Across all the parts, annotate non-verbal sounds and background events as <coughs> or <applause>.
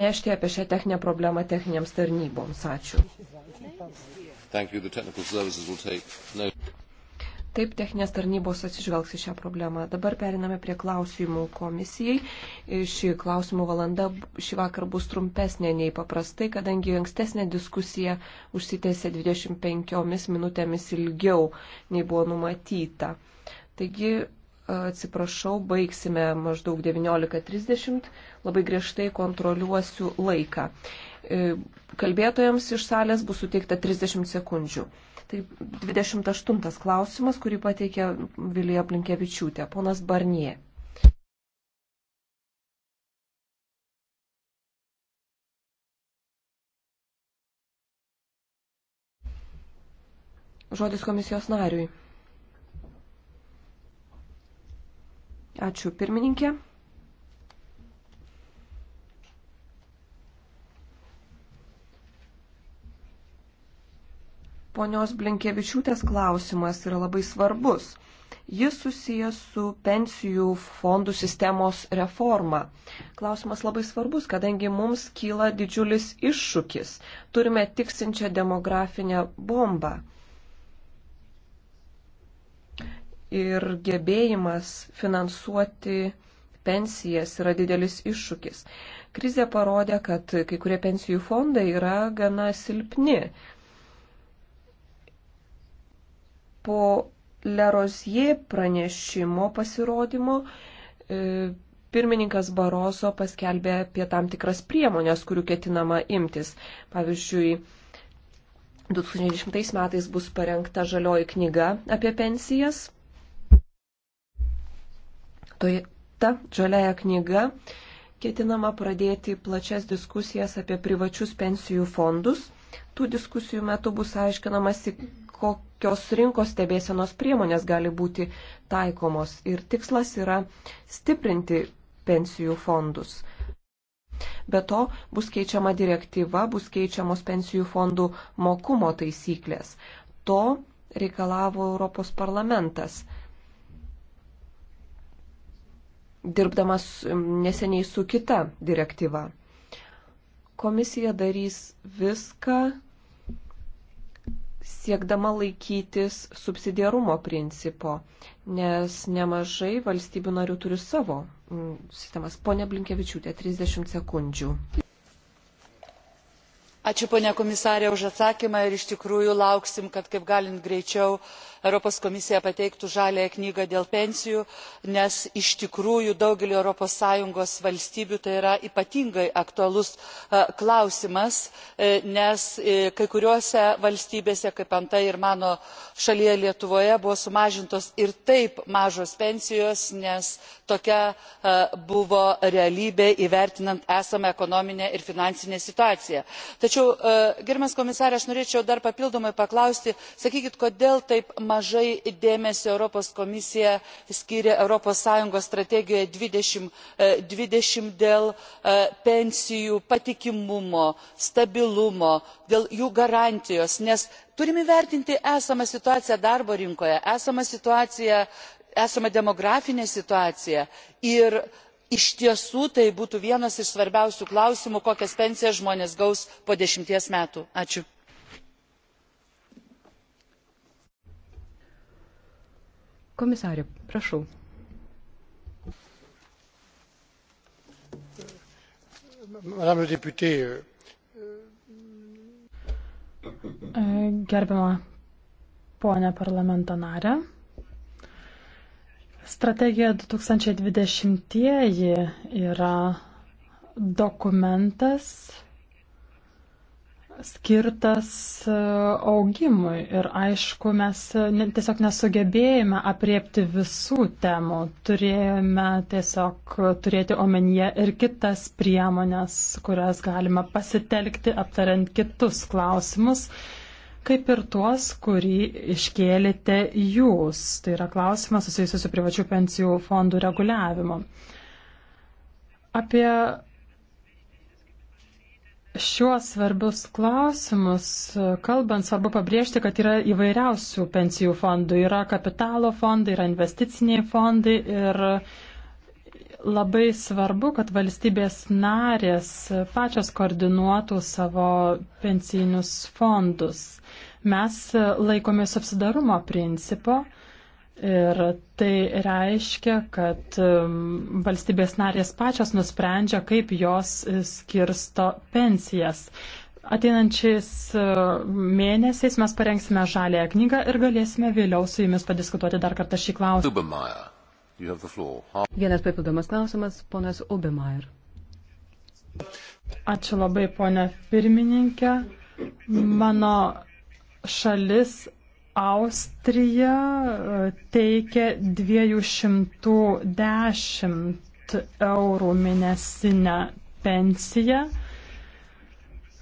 nešti apie šią techninę problemą techniniams tarnyboms. Ačiū. Taip, techninės tarnybos atsižvelgs į šią problemą. Dabar periname prie klausimų komisijai. Ši klausimų valanda šį vakar bus trumpesnė nei paprastai, kadangi ankstesnė diskusija užsitęsė 25 minutėmis ilgiau nei buvo numatyta. Taigi atsiprašau, baigsime maždaug 19.30, labai griežtai kontroliuosiu laiką. E, kalbėtojams iš salės bus suteikta 30 sekundžių. Tai 28 klausimas, kurį pateikė Vilija Plinkievičiūtė, ponas Barnie. Žodis komisijos nariui. Ačiū pirmininkė. Ponios Blinkievičiūtės klausimas yra labai svarbus. Jis susijęs su pensijų fondų sistemos reforma. Klausimas labai svarbus, kadangi mums kyla didžiulis iššūkis. Turime tiksinčią demografinę bombą ir gebėjimas finansuoti pensijas yra didelis iššūkis. Krizė parodė, kad kai kurie pensijų fondai yra gana silpni. Po Lerozie pranešimo pasirodymo e, pirmininkas Baroso paskelbė apie tam tikras priemonės, kurių ketinama imtis. Pavyzdžiui, 2010 metais bus parengta žalioji knyga apie pensijas. Toje ta žaliaja knyga ketinama pradėti plačias diskusijas apie privačius pensijų fondus. Tų diskusijų metu bus aiškinamasi, kokios rinkos stebėsenos priemonės gali būti taikomos. Ir tikslas yra stiprinti pensijų fondus. Be to bus keičiama direktyva, bus keičiamos pensijų fondų mokumo taisyklės. To reikalavo Europos parlamentas dirbdamas mm, neseniai su kita direktyva. Komisija darys viską, siekdama laikytis subsidiarumo principo, nes nemažai valstybių narių turi savo mm, sistemas. Pone Blinkevičiūtė, 30 sekundžių. Ačiū, ponia komisarė, už atsakymą ir iš tikrųjų lauksim, kad kaip galint greičiau europos komisija pateiktų žaliąją knygą dėl pensijų nes iš tikrųjų daugeliui europos sąjungos valstybių tai yra ypatingai aktualus e, klausimas e, nes e, kai kuriose valstybėse kaip antai ir mano šalyje lietuvoje buvo sumažintos ir taip mažos pensijos nes tokia buvo realybė įvertinant esamą ekonominę ir finansinę situaciją. tačiau gerbiamas komisare aš norėčiau dar papildomai paklausti sakykit kodėl taip mažai dėmesio europos komisija skiria europos sąjungos strategijoje two thousand and twenty dėl e, pensijų patikimumo stabilumo dėl jų garantijos nes turime įvertinti esamą situaciją darbo rinkoje esamą situaciją esamą demografinę situaciją ir iš tiesų tai būtų vienas iš svarbiausių klausimų kokias pensijas žmonės gaus po dešimties metų. ačiū. Komisarė, prašau. Madame deputė. Euh, e, gerbiama ponė parlamento narė. Strategija 2020 yra dokumentas skirtas e, augimui ir aišku, mes tiesiog nesugebėjome apriepti visų temų, turėjome tiesiog turėti omenyje ir kitas priemonės, kurias galima pasitelkti aptariant kitus klausimus, kaip ir tuos, kurį iškėlėte jūs. Tai yra klausimas susijusius su privačių pensijų fondų reguliavimu. Apie šiuos svarbius klausimus, kalbant, svarbu pabrėžti, kad yra įvairiausių pensijų fondų. Yra kapitalo fondai, yra investiciniai fondai ir labai svarbu, kad valstybės narės pačios koordinuotų savo pensijinius fondus. Mes laikomės subsidarumo principo Ir tai reiškia, kad um, valstybės narės pačios nusprendžia, kaip jos e, skirsto pensijas. Ateinančiais e, mėnesiais mes parengsime žalėją knygą ir galėsime vėliau su jumis padiskutuoti dar kartą šį klausimą. Vienas papildomas klausimas, ponas Ubemair. Ačiū labai, ponė pirmininkė. Mano šalis Austrija e, teikia 210 eurų mėnesinę pensiją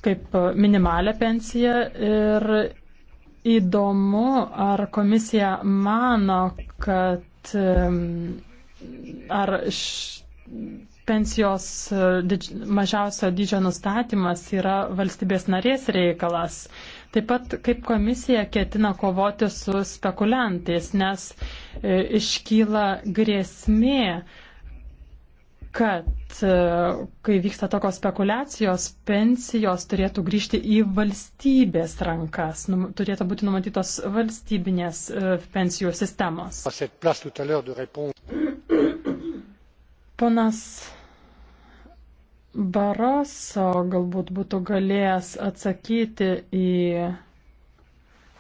kaip minimalę pensiją ir įdomu, ar komisija mano, kad ar pensijos e, mažiausio dydžio nustatymas yra valstybės narės reikalas. Taip pat kaip komisija ketina kovoti su spekuliantais, nes e, iškyla grėsmė, kad e, kai vyksta tokios spekulacijos, pensijos turėtų grįžti į valstybės rankas, num, turėtų būti numatytos valstybinės e, pensijų sistemos. Ponas Baraso galbūt būtų galėjęs atsakyti į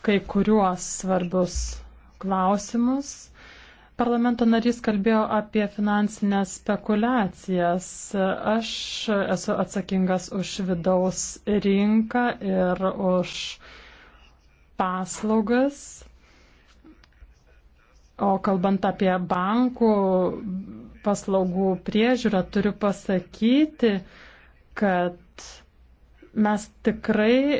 kai kuriuos svarbius klausimus. Parlamento narys kalbėjo apie finansinės spekulacijas. Aš esu atsakingas už vidaus rinką ir už paslaugas. O kalbant apie bankų paslaugų priežiūrą, turiu pasakyti, kad mes tikrai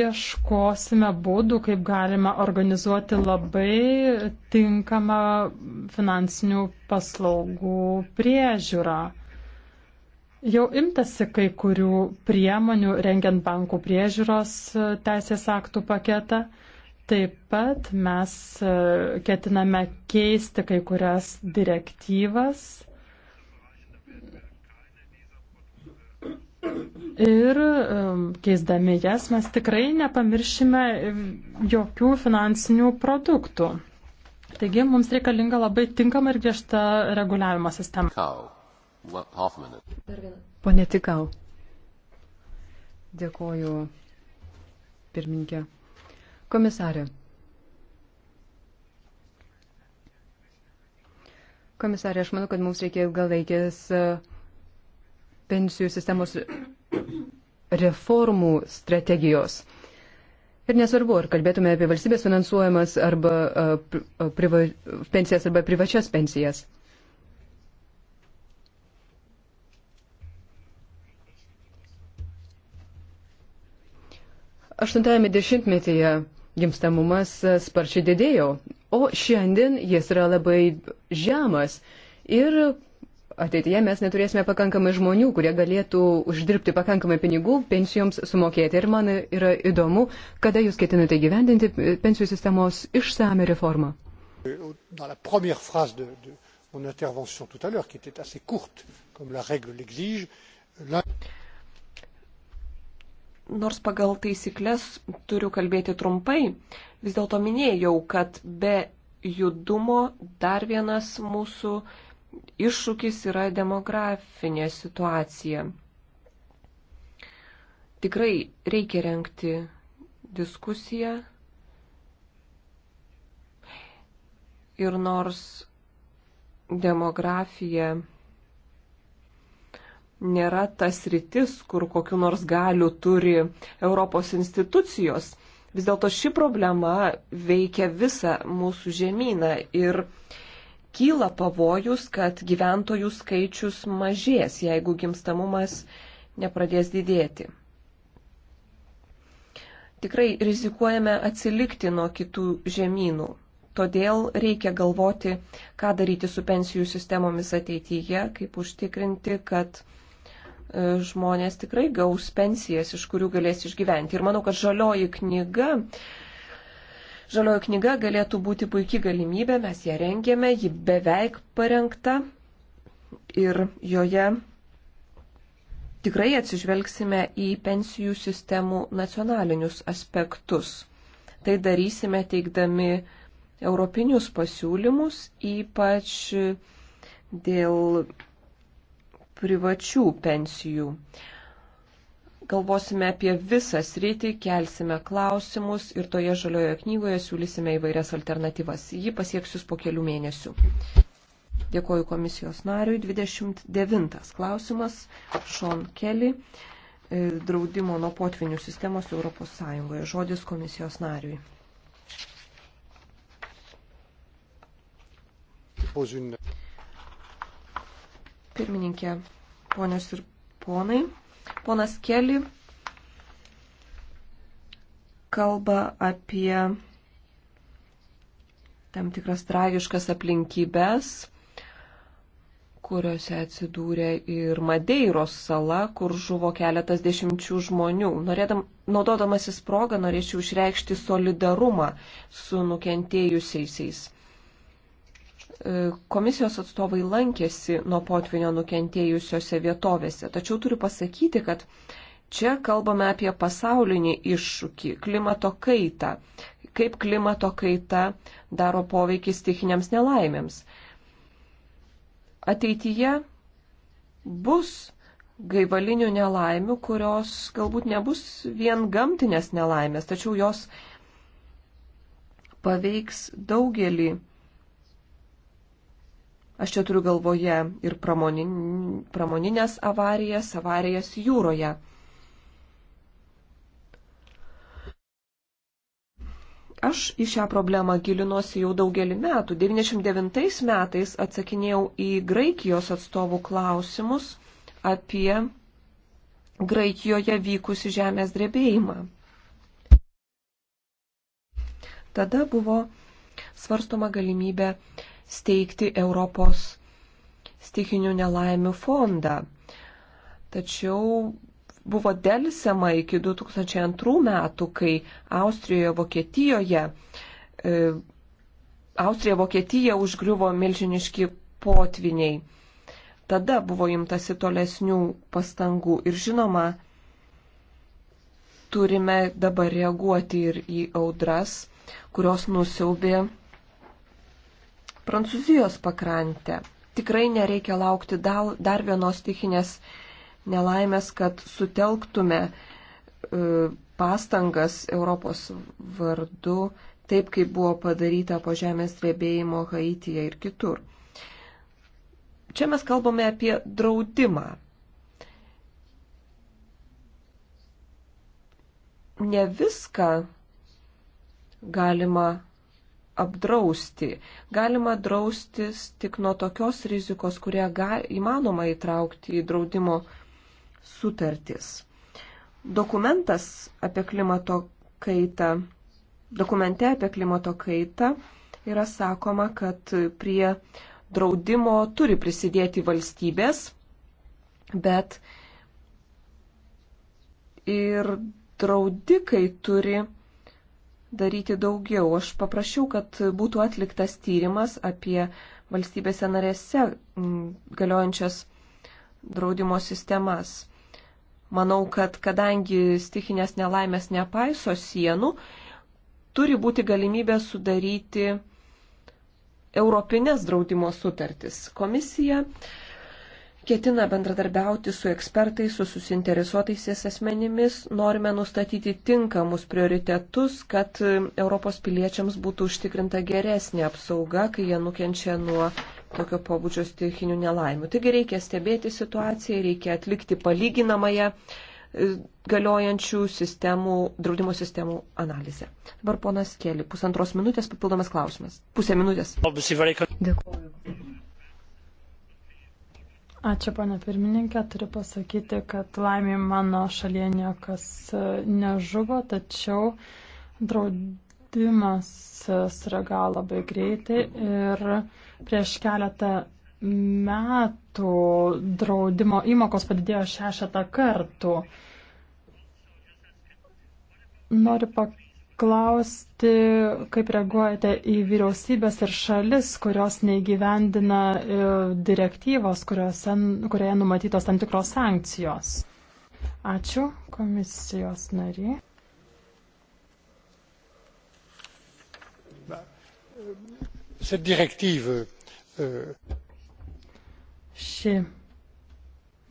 ieškosime būdų, kaip galima organizuoti labai tinkamą finansinių paslaugų priežiūrą. Jau imtasi kai kurių priemonių rengiant bankų priežiūros teisės aktų paketą. Taip pat mes e, ketiname keisti kai kurias direktyvas ir e, keisdami jas mes tikrai nepamiršime jokių finansinių produktų. Taigi mums reikalinga labai tinkama ir griežta reguliavimo sistema. Pone Tikau, dėkoju pirmininkė. Komisarė. Komisarė, aš manau, kad mums reikia ilgalaikės e, pensijų sistemos reformų strategijos. Ir nesvarbu, ar kalbėtume apie valstybės finansuojamas arba e, e, priva, pensijas arba privačias pensijas. Aštuntajame dešimtmetyje gimstamumas e, sparčiai didėjo, o šiandien jis yra labai žemas. Ir ateityje mes neturėsime pakankamai žmonių, kurie galėtų uždirbti pakankamai pinigų pensijoms sumokėti. Ir man yra įdomu, kada jūs ketinate gyvendinti pensijų sistemos išsame reformą. Mon intervention tout à l'heure, qui était assez courte, comme la règle l'exige, nors pagal taisyklės turiu kalbėti trumpai, vis dėlto minėjau, kad be judumo dar vienas mūsų iššūkis yra demografinė situacija. Tikrai reikia renkti diskusiją. Ir nors demografija nėra tas rytis, kur kokiu nors galiu turi Europos institucijos. Vis dėlto ši problema veikia visą mūsų žemyną ir kyla pavojus, kad gyventojų skaičius mažės, jeigu gimstamumas nepradės didėti. Tikrai rizikuojame atsilikti nuo kitų žemynų. Todėl reikia galvoti, ką daryti su pensijų sistemomis ateityje, kaip užtikrinti, kad E, žmonės tikrai gaus pensijas, iš kurių galės išgyventi. Ir manau, kad žalioji knyga, žalioji knyga galėtų būti puikia galimybė, mes ją rengėme, ji beveik parengta ir joje tikrai atsižvelgsime į pensijų sistemų nacionalinius aspektus. Tai darysime teikdami europinius pasiūlymus, ypač dėl privačių pensijų. Galvosime apie visą sritį, kelsime klausimus ir toje žaliojoje knygoje siūlysime įvairias alternatyvas. Ji pasieks jūs po kelių mėnesių. Dėkoju komisijos nariui. 29 klausimas. Šon Keli. E, draudimo nuo potvinių sistemos Europos Sąjungoje. Žodis komisijos nariui. Požiūrėjau. Pirmininkė, ponios ir ponai, ponas Keli kalba apie tam tikras tragiškas aplinkybės, kuriuose atsidūrė ir Madeiros sala, kur žuvo keletas dešimčių žmonių. Norėdam, naudodamasis progą norėčiau išreikšti solidarumą su nukentėjusiais. E, komisijos atstovai lankėsi nuo potvinio nukentėjusiose vietovėse. Tačiau turiu pasakyti, kad čia kalbame apie pasaulinį iššūkį - klimato kaitą. Kaip klimato kaita daro poveikį stichiniams nelaimėms. Ateityje bus gaivalinių nelaimių, kurios galbūt nebus vien gamtinės nelaimės, tačiau jos paveiks daugelį Aš čia turiu galvoje ir pramonin, pramoninės avarijas, avarijas jūroje. Aš į šią problemą gilinuosi jau daugelį metų. 99 metais atsakinėjau į Graikijos atstovų klausimus apie Graikijoje vykusi žemės drebėjimą. Tada buvo svarstoma galimybė steigti Europos stikinių nelaimių fondą. Tačiau buvo dėlsiama iki 2002 metų, kai Austrijoje, Vokietijoje, e, Austrija, Vokietija užgriuvo milžiniški potviniai. Tada buvo imtasi tolesnių pastangų ir žinoma, turime dabar reaguoti ir į audras, kurios nusiaubė Prancūzijos pakrantę. Tikrai nereikia laukti dar vienos stichinės nelaimės, kad sutelktume e, pastangas Europos vardu, taip kaip buvo padaryta po žemės drebėjimo Haityje ir kitur. Čia mes kalbame apie draudimą. Ne viską galima apdrausti. Galima draustis tik nuo tokios rizikos, kurią ga, įmanoma įtraukti į draudimo sutartis. Dokumentas apie klimato kaitą, dokumente apie klimato kaitą yra sakoma, kad prie draudimo turi prisidėti valstybės, bet ir draudikai turi daryti daugiau. Aš paprašiau, kad būtų atliktas tyrimas apie valstybėse narėse galiojančias draudimo sistemas. Manau, kad kadangi stikinės nelaimės nepaiso sienų, turi būti galimybė sudaryti europinės draudimo sutartis. Komisija uh, ketina bendradarbiauti su ekspertais, su susinteresuotaisiais asmenimis. Norime nustatyti tinkamus prioritetus, kad e, Europos piliečiams būtų užtikrinta geresnė apsauga, kai jie nukenčia nuo tokio pobūdžio stichinių nelaimių. Taigi reikia stebėti situaciją, reikia atlikti palyginamąją e, galiojančių sistemų, draudimo sistemų analizę. Dabar ponas Kėlį, pusantros minutės papildomas klausimas. Pusė minutės. Dėkuoju. Ačiū, pana pirmininkė. Turiu pasakyti, kad laimė mano šalyje niekas e, nežuvo, tačiau draudimas e, suraga labai greitai ir prieš keletą metų draudimo įmokos padidėjo šešetą kartų. Noriu pakalbėti paklausti, kaip reaguojate į vyriausybės ir šalis, kurios neįgyvendina e, direktyvos, kuriuose, kurioje numatytos tam tikros sankcijos. Ačiū komisijos nariai. Cette directive. Euh... Ši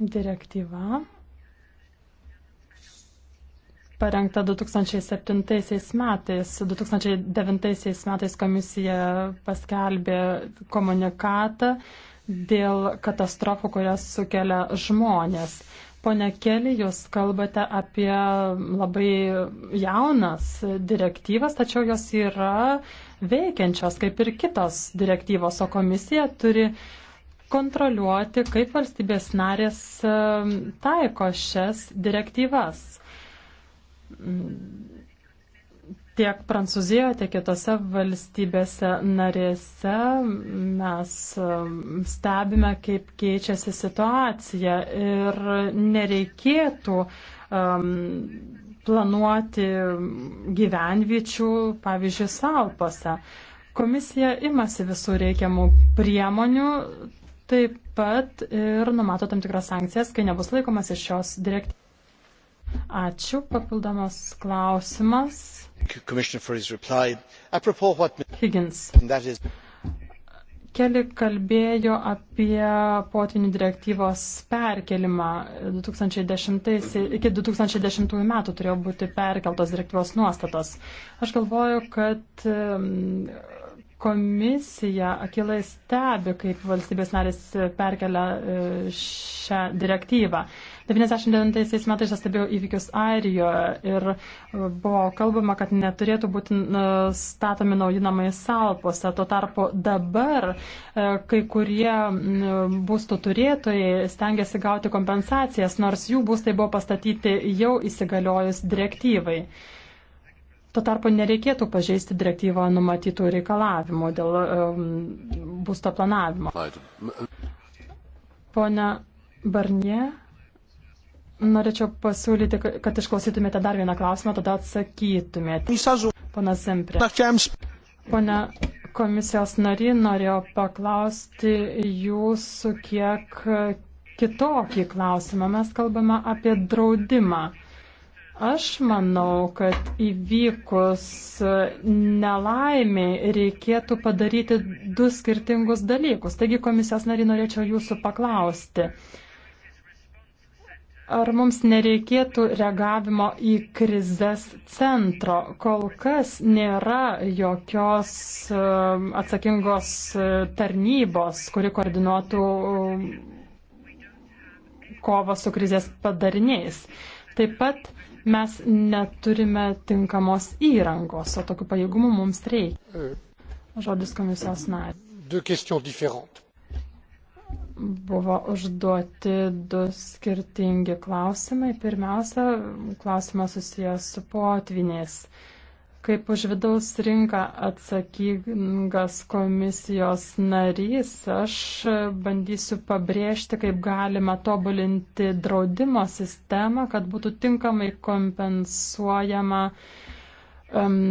direktyva parengta 2007 metais. 2009 metais komisija paskelbė komunikatą dėl katastrofų, kurias sukelia žmonės. Pone Keli, jūs kalbate apie labai jaunas direktyvas, tačiau jos yra veikiančios kaip ir kitos direktyvos, o komisija turi kontroliuoti, kaip valstybės narės um, taiko šias direktyvas tiek Prancūzijoje, tiek kitose valstybėse narėse mes um, stebime, kaip keičiasi situacija ir nereikėtų um, planuoti gyvenvičių, pavyzdžiui, salpose. Komisija imasi visų reikiamų priemonių, taip pat ir numato tam tikras sankcijas, kai nebus laikomas iš šios direktyvos. Ačiū. Papildomas klausimas. Higgins. Keli kalbėjo apie potinių direktyvos perkelimą. 2010, iki 2010 metų turėjo būti perkeltos direktyvos nuostatos. Aš galvoju, kad um, komisija akilai stebi, kaip valstybės narės perkelia uh, šią direktyvą. 99 metais aš stebėjau įvykius Airijoje ir e, buvo kalbama, kad neturėtų būti e, statomi nauji namai salpose. Tuo tarpu dabar e, kai kurie būstų turėtojai stengiasi gauti kompensacijas, nors jų būstai buvo pastatyti jau įsigaliojus direktyvai. Tuo tarpu nereikėtų pažeisti direktyvą numatytų reikalavimų dėl um, būsto planavimo. Pone Barnie, Norėčiau pasiūlyti, kad išklausytumėte dar vieną klausimą, tada atsakytumėte. Pana Semprė. Pone komisijos nari, norėjau paklausti jūsų kiek kitokį klausimą. Mes kalbame apie draudimą. Aš manau, kad įvykus nelaimiai reikėtų padaryti du skirtingus dalykus. Taigi, komisijos nari, norėčiau jūsų paklausti. Uh, ar mums nereikėtų reagavimo į krizės centro. Kol kas nėra jokios um, atsakingos uh, tarnybos, kuri koordinuotų um, kovą su krizės padariniais. Taip pat mes neturime tinkamos įrangos, o tokių pajėgumų mums reikia. Uh, Žodis komisijos nariai. Buvo užduoti du skirtingi klausimai. Pirmiausia, klausimas susijęs su potviniais. Kaip už vidaus rinką atsakingas komisijos narys, aš bandysiu pabrėžti, kaip galima tobulinti draudimo sistemą, kad būtų tinkamai kompensuojama um,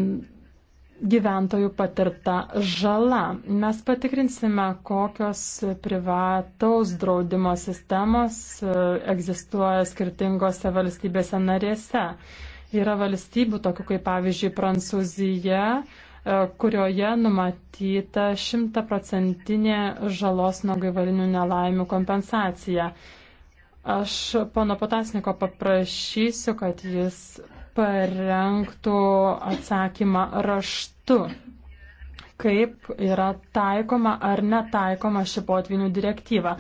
gyventojų patirta žala. Mes patikrinsime, kokios privataus draudimo sistemos e, egzistuoja skirtingose valstybėse narėse. Yra valstybių, tokių kaip pavyzdžiui Prancūzija, e, kurioje numatyta šimtaprocentinė žalos nuo gaivalinių nelaimių kompensacija. Aš pono Potasniko paprašysiu, kad jis parengtų atsakymą raštu, kaip yra taikoma ar netaikoma ši potvinių direktyva.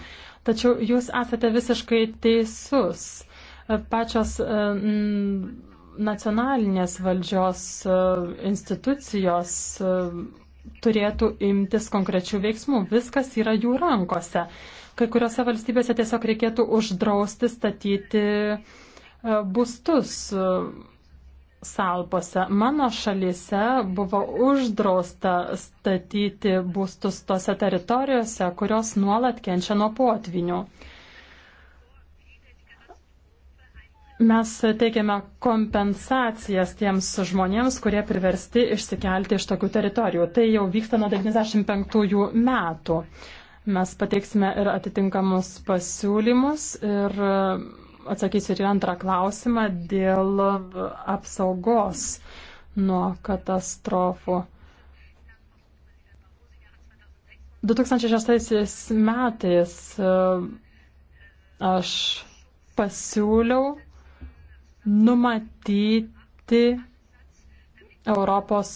Tačiau jūs esate visiškai teisus. Pačios e, nacionalinės valdžios e, institucijos e, turėtų imtis konkrečių veiksmų. Viskas yra jų rankose. Kai kuriuose valstybėse tiesiog reikėtų uždrausti statyti būstus salpose. Mano šalyse buvo uždrausta statyti būstus tose teritorijose, kurios nuolat kenčia nuo potvinių. Mes teikiame kompensacijas tiems žmonėms, kurie priversti išsikelti iš tokių teritorijų. Tai jau vyksta nuo 95 metų. Mes pateiksime ir atitinkamus pasiūlymus ir atsakysiu ir antrą klausimą dėl apsaugos nuo katastrofų. 2006 metais e, aš pasiūliau numatyti Europos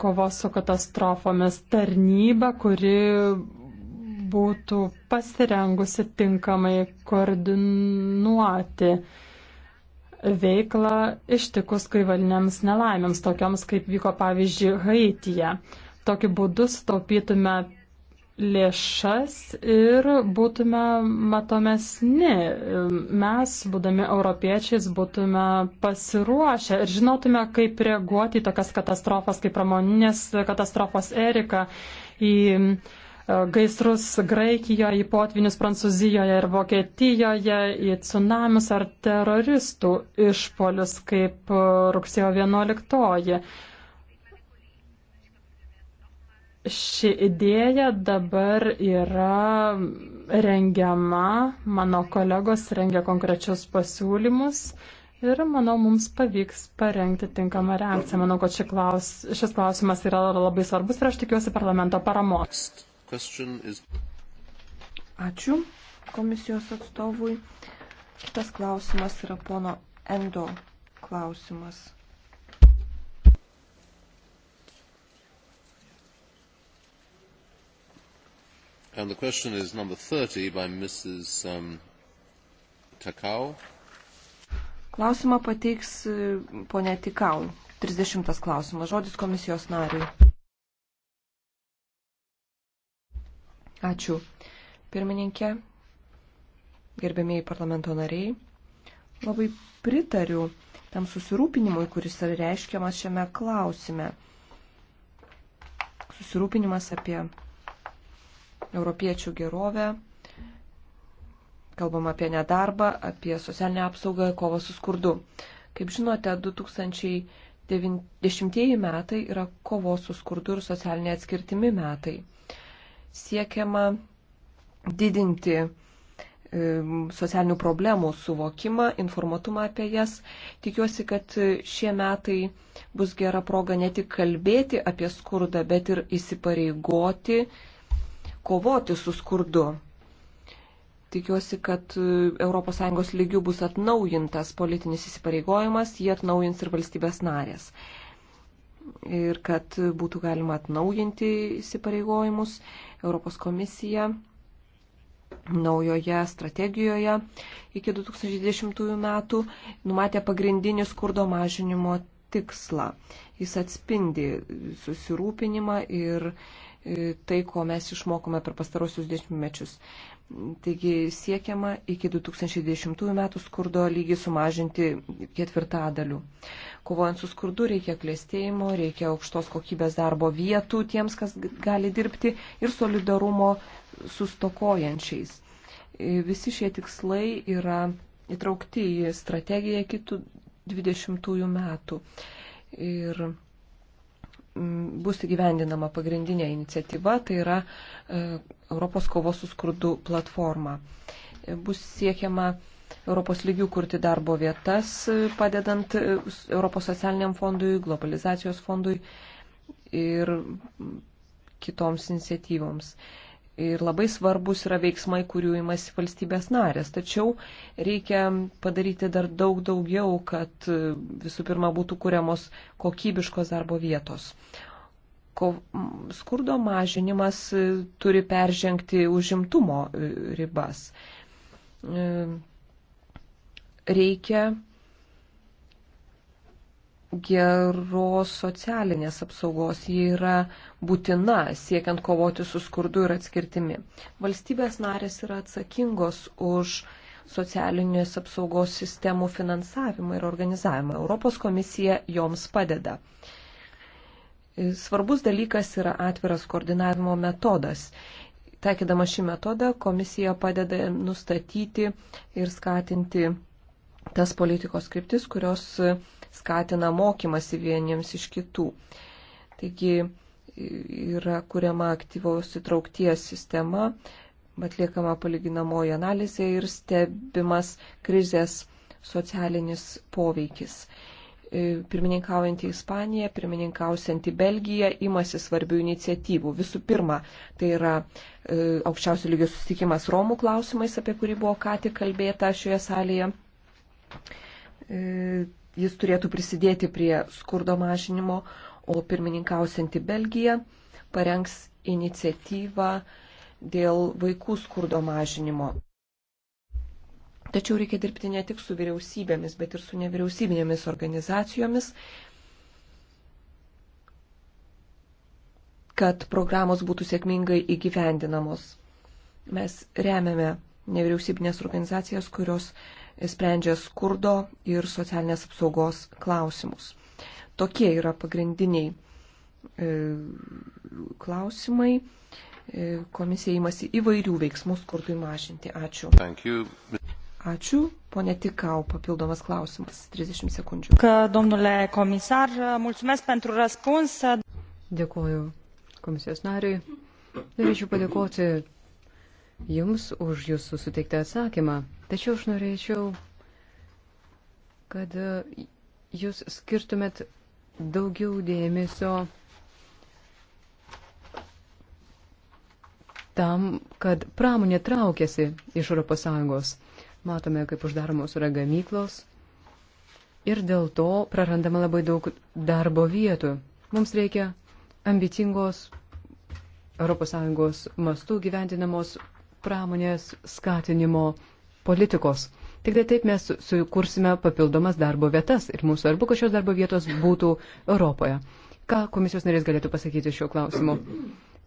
kovos su katastrofomis tarnybą, kuri būtų pasirengusi tinkamai koordinuoti veiklą ištikus kaivaliniams nelaimėms, tokiams kaip vyko pavyzdžiui Haityje. Tokiu būdu staupytume lėšas ir būtume matomesni. Mes, būdami europiečiais, būtume pasiruošę ir žinotume, kaip reaguoti į tokias katastrofas, kaip pramoninės katastrofos Erika, į E, gaisrus Graikijoje, į potvinius Prancūzijoje ir Vokietijoje, į tsunamius ar teroristų išpolius kaip rugsėjo 11-oji. Ši idėja dabar yra rengiama, mano kolegos rengia konkrečius pasiūlymus. Ir manau, mums pavyks parengti tinkamą reakciją. Manau, kad šis klausimas yra labai svarbus ir aš tikiuosi parlamento paramos. Is... Ačiū komisijos atstovui. Kitas klausimas yra pono Endo klausimas. And the question is number 30 by Mrs. Um, Takau. Klausimą pateiks ponė Tikau. 30 klausimas. Žodis komisijos nariui. Ačiū. Pirmininkė, gerbėmiai parlamento nariai, labai pritariu tam susirūpinimui, kuris yra reiškiamas šiame klausime. Susirūpinimas apie europiečių gerovę, kalbam apie nedarbą, apie socialinę apsaugą, kovą su skurdu. Kaip žinote, 2010 metai yra kovos su skurdu ir socialinė atskirtimi metai siekiama didinti e, socialinių problemų suvokimą, informatumą apie jas. Tikiuosi, kad šie metai bus gera proga ne tik kalbėti apie skurdą, bet ir įsipareigoti kovoti su skurdu. Tikiuosi, kad ES lygių bus atnaujintas politinis įsipareigojimas, jį atnaujins ir valstybės narės ir kad būtų galima atnaujinti įsipareigojimus. Europos komisija naujoje strategijoje iki 2010 metų numatė pagrindinį skurdo mažinimo tikslą. Jis atspindi susirūpinimą ir e, tai, ko mes išmokome per pastarosius dešimtmečius. Taigi siekiama iki 2010 metų skurdo lygį sumažinti ketvirtadaliu. Kovojant su skurdu reikia klėstėjimo, reikia aukštos kokybės darbo vietų tiems, kas gali dirbti ir solidarumo sustokojančiais. E, visi šie tikslai yra įtraukti į strategiją kitų 20 metų. Ir bus įgyvendinama pagrindinė iniciatyva, tai yra e, Europos kovos su skurdu platforma. E, bus siekiama Europos lygių kurti darbo vietas, e, padedant Europos socialiniam fondui, globalizacijos fondui ir kitoms iniciatyvoms ir labai svarbus yra veiksmai, kurių imasi valstybės narės. Tačiau reikia padaryti dar daug daugiau, kad visų pirma būtų kuriamos kokybiškos darbo vietos. Ko, skurdo mažinimas turi peržengti užimtumo ribas. Reikia geros socialinės apsaugos. Ji yra būtina siekiant kovoti su skurdu ir atskirtimi. Valstybės narės yra atsakingos už socialinės apsaugos sistemų finansavimą ir organizavimą. Europos komisija joms padeda. Svarbus dalykas yra atviras koordinavimo metodas. Taikydama šį metodą, komisija padeda nustatyti ir skatinti tas politikos kryptis, kurios skatina mokymasi vieniems iš kitų. Taigi yra kuriama aktyvaus įtraukties sistema, atliekama palyginamoji analizė ir stebimas krizės socialinis poveikis. E, pirmininkaujantį Ispaniją, pirmininkausianti Belgiją imasi svarbių iniciatyvų. Visų pirma, tai yra e, aukščiausių lygio susitikimas Romų klausimais, apie kurį buvo ką tik kalbėta šioje salėje. E, jis turėtų prisidėti prie skurdo mažinimo, o pirmininkausianti Belgija parengs iniciatyvą dėl vaikų skurdo mažinimo. Tačiau reikia dirbti ne tik su vyriausybėmis, bet ir su nevyriausybinėmis organizacijomis, kad programos būtų sėkmingai įgyvendinamos. Mes remiame nevyriausybinės organizacijas, kurios uh, sprendžia skurdo ir socialinės apsaugos klausimus. Tokie yra pagrindiniai e, klausimai. E, komisija įmasi įvairių veiksmų skurdui mažinti. Ačiū. Ačiū. Pone Tikau, papildomas klausimas. 30 sekundžių. Domnule komisar, mulțumesc pentru răspuns. Dėkuoju komisijos nariui. Norėčiau padėkoti Jums už Jūsų suteiktą atsakymą. Tačiau aš norėčiau, kad e, jūs skirtumėt daugiau dėmesio tam, kad pramonė traukiasi iš ES. Matome, kaip uždaromos yra gamyklos ir dėl to prarandama labai daug darbo vietų. Mums reikia ambicingos ES mastų gyventinamos pramonės skatinimo politikos. Tik tai taip mes sukursime papildomas darbo vietas ir mums svarbu, kad šios darbo vietos būtų Europoje. Ką komisijos narės galėtų pasakyti šiuo klausimu?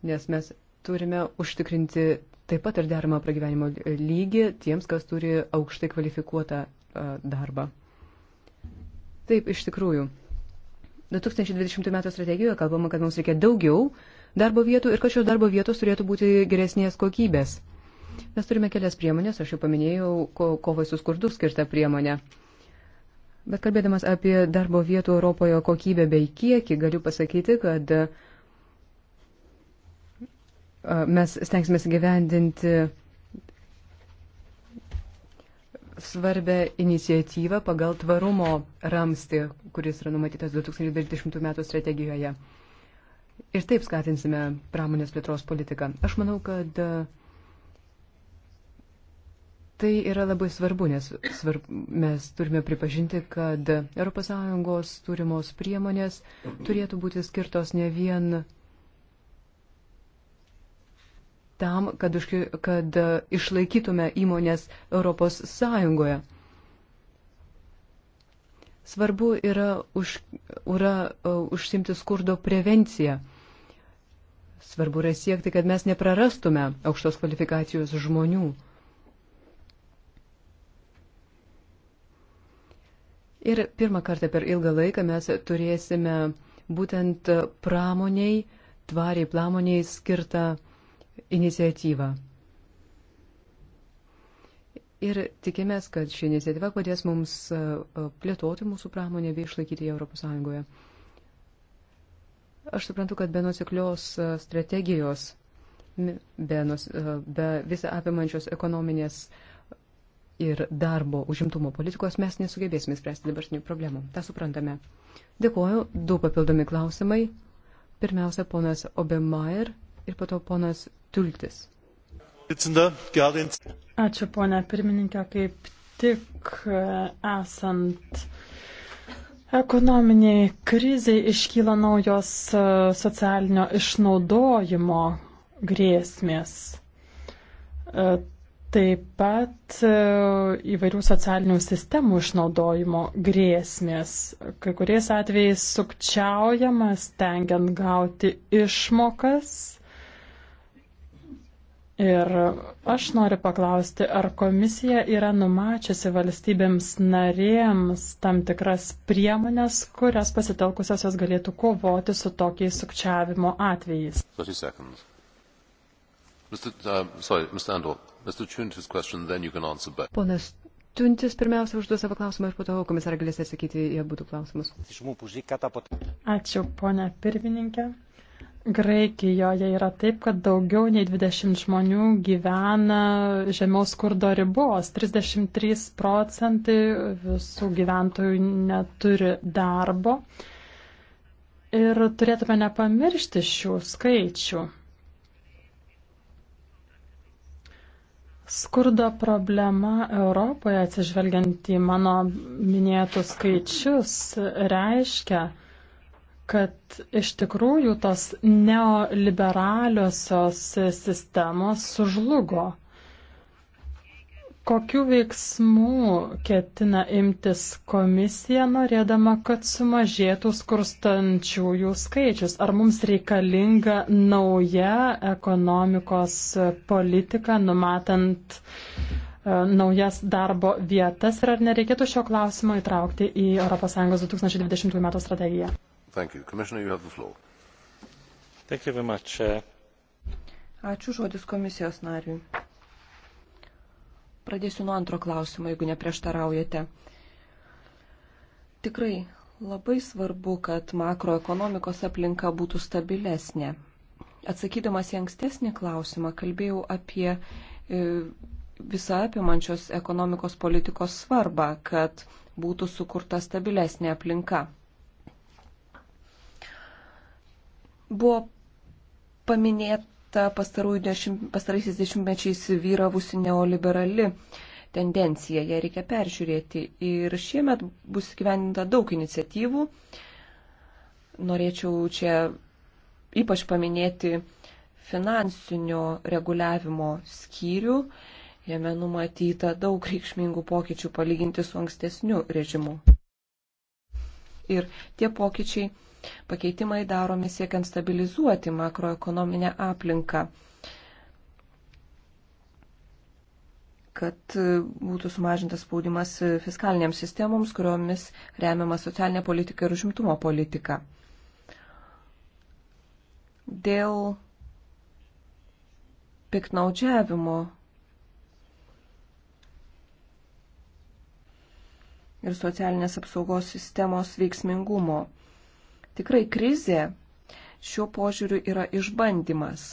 Nes mes turime užtikrinti taip pat ir deramą pragyvenimo lygį tiems, kas turi aukštai kvalifikuotą darbą. Taip, iš tikrųjų. 2020 m. strategijoje kalbama, kad mums reikia daugiau darbo vietų ir kad šios darbo vietos turėtų būti geresnės kokybės. Mes turime kelias priemonės, aš jau paminėjau ko, kovai su skurdu skirtą priemonę. Bet kalbėdamas apie darbo vietų Europoje kokybę bei kiekį, galiu pasakyti, kad e, mes stengsime gyvendinti svarbę iniciatyvą pagal tvarumo ramstį, kuris yra numatytas 2020 m. strategijoje. Ir taip skatinsime pramonės plėtros politiką. Aš manau, kad uh, Tai yra labai svarbu, nes svarb, mes turime pripažinti, kad ES turimos priemonės turėtų būti skirtos ne vien tam, kad, už, kad išlaikytume įmonės ES. Svarbu yra, už, yra e, užsimti skurdo prevenciją. Svarbu yra siekti, kad mes neprarastume aukštos kvalifikacijos žmonių. Ir pirmą kartą per ilgą laiką mes turėsime būtent pramoniai, tvariai pramoniai skirtą iniciatyvą. Ir tikimės, kad ši iniciatyva padės mums e, plėtoti mūsų pramonę bei išlaikyti ją Europos Sąjungoje. Aš suprantu, kad be nusiklios e, strategijos, be, e, be visą apimančios ekonominės uh, ir darbo užimtumo politikos mes nesugebėsime spręsti dabartinių problemų. Ta suprantame. Dėkuoju. Du papildomi klausimai. Pirmiausia, ponas Obemayer ir po to ponas Tultis. Ačiū, ponia pirmininkė, kaip tik e, esant ekonominiai kriziai iškyla naujos e, socialinio išnaudojimo grėsmės e, Taip pat e, įvairių socialinių sistemų išnaudojimo grėsmės. Kai kuriais atvejais sukčiaujamas, tengiant gauti išmokas. Ir aš noriu paklausti, ar komisija yra numačiusi valstybėms narėms tam tikras priemonės, kurias pasitelkusios jos galėtų kovoti su tokiais sukčiavimo atvejais. Mr. Uh, sorry, Mr. Andor. Ponas Tuntis pirmiausia užduos savo klausimą ir po to komisarą galės atsakyti į abu klausimus. Ačiū, ponia pirmininkė. Graikijoje yra taip, kad daugiau nei 20 žmonių gyvena žemiaus skurdo ribos. 33 procentai visų gyventojų neturi darbo. Ir turėtume nepamiršti šių skaičių. Skurdo problema Europoje, atsižvelgiant į mano minėtus skaičius, reiškia, kad iš tikrųjų tos neoliberaliosios sistemos sužlugo. Kokių veiksmų ketina imtis komisija, norėdama, kad sumažėtų skurstančiųjų skaičius? Ar mums reikalinga nauja ekonomikos politika, numatant e, naujas darbo vietas ir ar nereikėtų šio klausimo įtraukti į ES 2020 m. strategiją? Ačiū žodis komisijos nariui. Pradėsiu nuo antro klausimo, jeigu neprieštaraujate. Tikrai labai svarbu, kad makroekonomikos aplinka būtų stabilesnė. Atsakydamas į ankstesnį klausimą, kalbėjau apie e, visą apimančios ekonomikos politikos svarbą, kad būtų sukurta stabilesnė aplinka. Buvo paminėt, ta dešimt, pastaraisiais dešimtmečiais vyravusi neoliberali tendencija, ją reikia peržiūrėti. Ir šiemet bus gyveninta daug iniciatyvų. Norėčiau čia ypač paminėti finansinio reguliavimo skyrių. Jame numatyta daug reikšmingų pokyčių palyginti su ankstesniu režimu. Ir tie pokyčiai Pakeitimai daromi siekiant stabilizuoti makroekonominę aplinką, kad būtų sumažintas spaudimas fiskaliniams sistemoms, kuriomis remiama socialinė politika ir užimtumo politika. Dėl piknaudžiavimo ir socialinės apsaugos sistemos veiksmingumo. Tikrai krizė šiuo požiūriu yra išbandymas.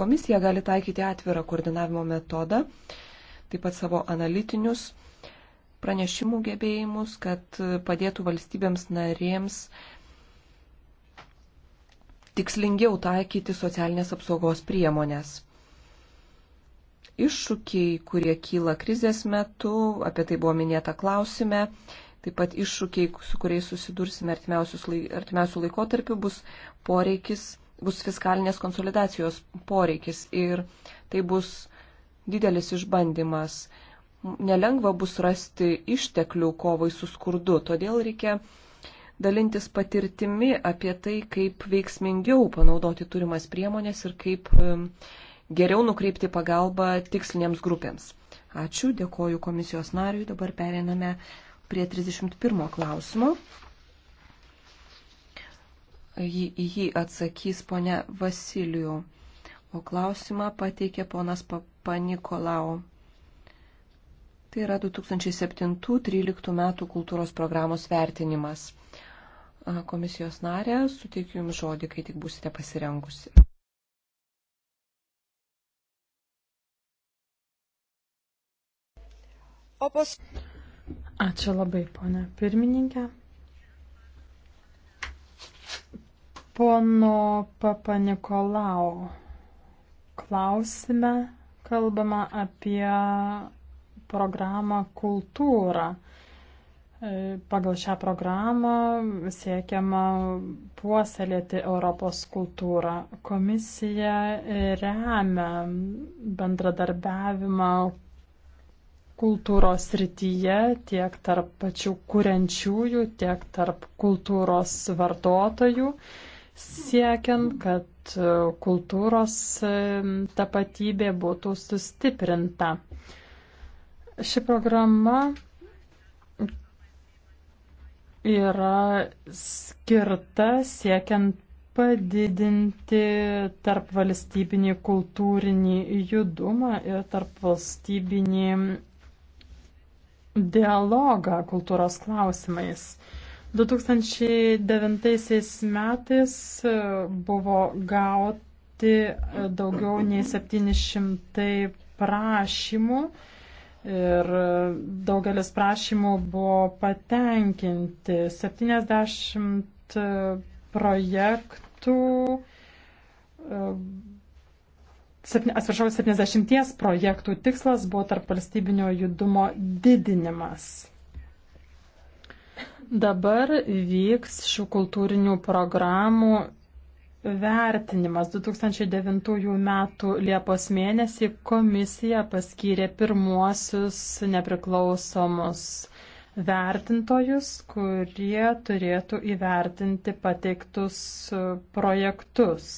Komisija gali taikyti atvirą koordinavimo metodą, taip pat savo analitinius pranešimų gebėjimus, kad padėtų valstybėms narėms tikslingiau taikyti socialinės apsaugos priemonės. Iššūkiai, kurie kyla krizės metu, apie tai buvo minėta klausime, Taip pat iššūkiai, su kuriais susidursime artimiausių laikotarpių, bus poreikis, bus fiskalinės konsolidacijos poreikis ir tai bus didelis išbandymas. Nelengva bus rasti išteklių kovai su skurdu, todėl reikia dalintis patirtimi apie tai, kaip veiksmingiau panaudoti turimas priemonės ir kaip geriau nukreipti pagalbą tikslinėms grupėms. Ačiū, dėkoju komisijos nariui, dabar pereiname prie 31 klausimo. Jį, jį atsakys ponia Vasilijų, o klausimą pateikė ponas Panikolau. Tai yra 2007-2013 metų kultūros programos vertinimas. Komisijos narė, suteikiu Jums žodį, kai tik būsite pasirengusi. Όπως... Ačiū labai, ponė pirmininkė. Pono Papa Nikolau klausime kalbama apie programą kultūrą. E, pagal šią programą siekiama puoselėti Europos kultūrą. Komisija remia bendradarbiavimą kultūros srityje, tiek tarp pačių kuriančiųjų, tiek tarp kultūros vartotojų, siekiant, kad e, kultūros e, tapatybė būtų sustiprinta. Ši programa yra skirta siekiant padidinti tarp valstybinį kultūrinį judumą ir tarp valstybinį dialogą kultūros klausimais. 2009 metais e, buvo gauti e, daugiau nei 700 prašymų ir e, daugelis prašymų buvo patenkinti. 70 projektų atsiprašau, 70 projektų tikslas buvo tarp valstybinio judumo didinimas. Dabar vyks šių kultūrinių programų vertinimas. 2009 metų Liepos mėnesį komisija paskyrė pirmuosius nepriklausomus vertintojus, kurie turėtų įvertinti pateiktus projektus.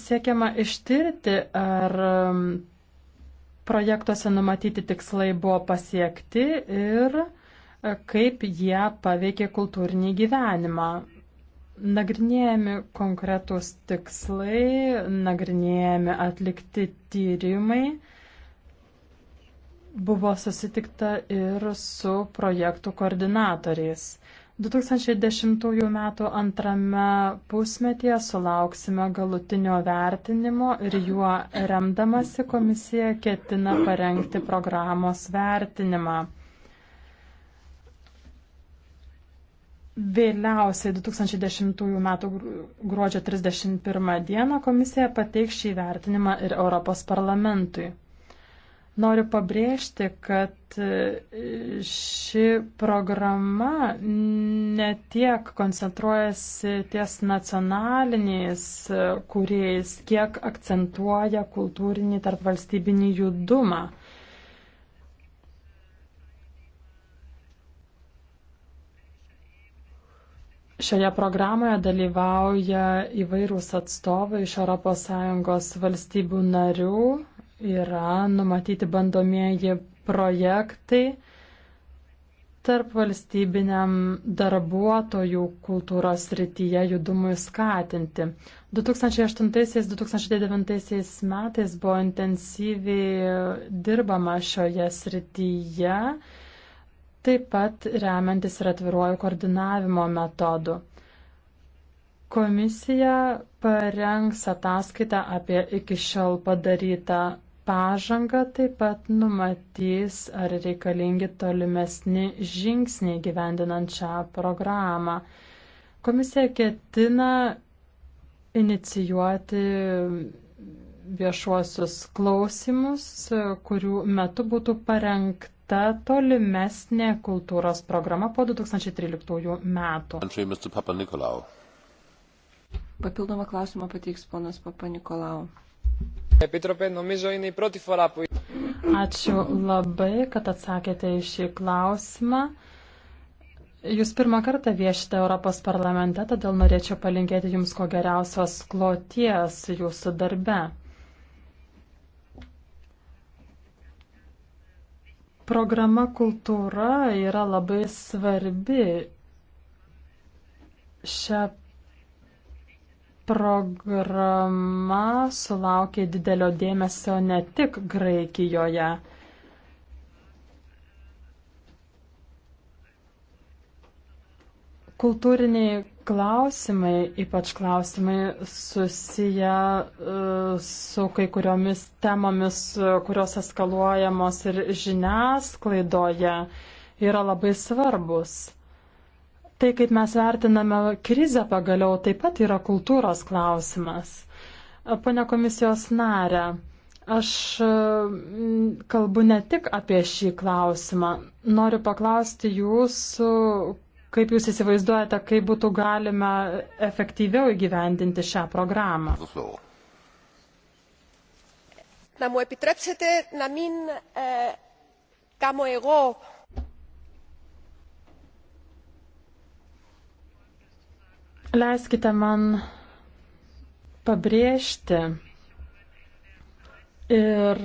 siekiama ištirti, ar um, projektuose numatyti tikslai buvo pasiekti ir e, kaip jie paveikė kultūrinį gyvenimą. Nagrinėjami konkretus tikslai, nagrinėjami atlikti tyrimai. Buvo susitikta ir su projektų koordinatoriais. 2010 m. antrame pusmetyje sulauksime galutinio vertinimo ir juo remdamasi komisija ketina parengti programos vertinimą. Vėliausiai 2010 m. gruodžio 31 d. komisija pateiks šį vertinimą ir Europos parlamentui. Noriu pabrėžti, kad e, ši programa netiek koncentruojasi ties nacionaliniais e, kūrėjais, kiek akcentuoja kultūrinį tarpvalstybinį judumą. Šioje programoje dalyvauja įvairūs atstovai iš ES valstybių narių, yra numatyti bandomieji projektai tarp valstybiniam darbuotojų kultūros srityje judumui skatinti. 2008-2009 metais buvo intensyviai dirbama šioje srityje, taip pat remiantis ir atviruoju koordinavimo metodu. Komisija parengs ataskaitą apie iki šiol padarytą pažangą taip pat numatys, ar reikalingi tolimesni žingsniai gyvendinant šią programą. Komisija ketina inicijuoti viešuosius klausimus, kurių metu būtų parengta tolimesnė kultūros programa po 2013 metų. Papildomą klausimą pateiks ponas Papa Nikolau. Επίτροπε, νομίζω είναι η πρώτη φορά που... Ačiū labai, kad atsakėte į šį klausimą. Jūs pirmą kartą viešite Europos parlamente, todėl norėčiau palinkėti Jums ko geriausios kloties Jūsų darbe. Programa kultūra yra labai svarbi. Šią programa sulaukė didelio dėmesio ne tik Graikijoje. Kultūriniai klausimai, ypač klausimai susiję e, su kai kuriomis temomis, e, kurios eskaluojamos ir žiniasklaidoje, yra labai svarbus. Tai, kaip mes vertiname krizę pagaliau, taip pat yra kultūros klausimas. Pone komisijos narė, aš e, kalbu ne tik apie šį klausimą. Noriu paklausti jūsų, kaip jūs įsivaizduojate, kaip būtų galima efektyviau įgyvendinti šią programą. Na mu επιτρέψετε να μην ε, κάνω εγώ Leiskite man pabrėžti ir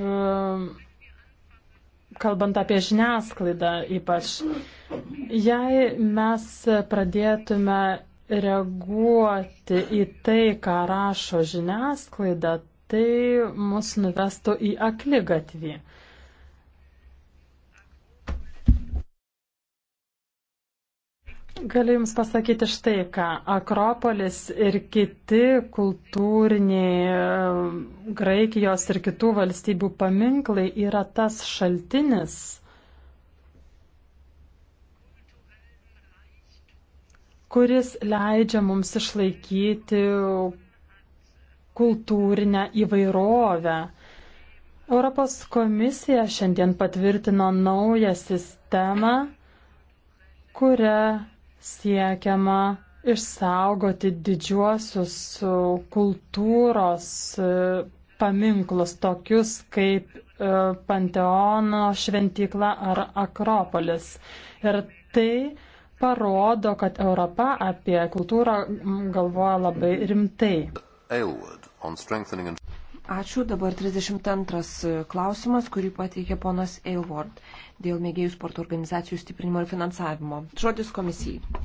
kalbant apie žiniasklaidą ypač, jei mes pradėtume reaguoti į tai, ką rašo žiniasklaida, tai mus nuvestų į akligatvį. gatvį. Galiu Jums pasakyti štai ką. Akropolis ir kiti kultūriniai e, Graikijos ir kitų valstybių paminklai yra tas šaltinis, kuris leidžia mums išlaikyti kultūrinę įvairovę. Europos komisija šiandien patvirtino naują sistemą, kuria siekiama išsaugoti didžiuosius kultūros e, paminklus, tokius kaip e, Panteono šventykla ar Akropolis. Ir tai parodo, kad Europa apie kultūrą galvoja labai rimtai. Ačiū, dabar 32 e, klausimas, kurį pateikė ponas Aylward dėl mėgėjų sporto organizacijų stiprinimo ir finansavimo. Žodis komisijai.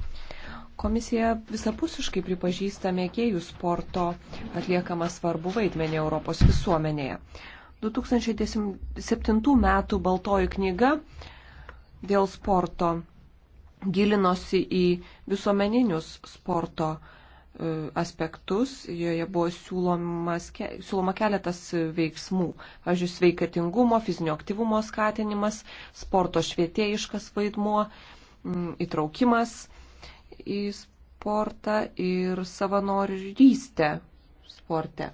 Komisija visapusiškai pripažįsta mėgėjų sporto atliekamą svarbų vaidmenį Europos visuomenėje. 2007 metų Baltoji knyga dėl sporto gilinosi į visuomeninius sporto E, aspektus, joje buvo siūlomas, siūloma keletas veiksmų. Pavyzdžiui, sveikatingumo, fizinio aktyvumo skatinimas, sporto švietėjiškas vaidmuo, įtraukimas į sportą ir savanorystę sporte.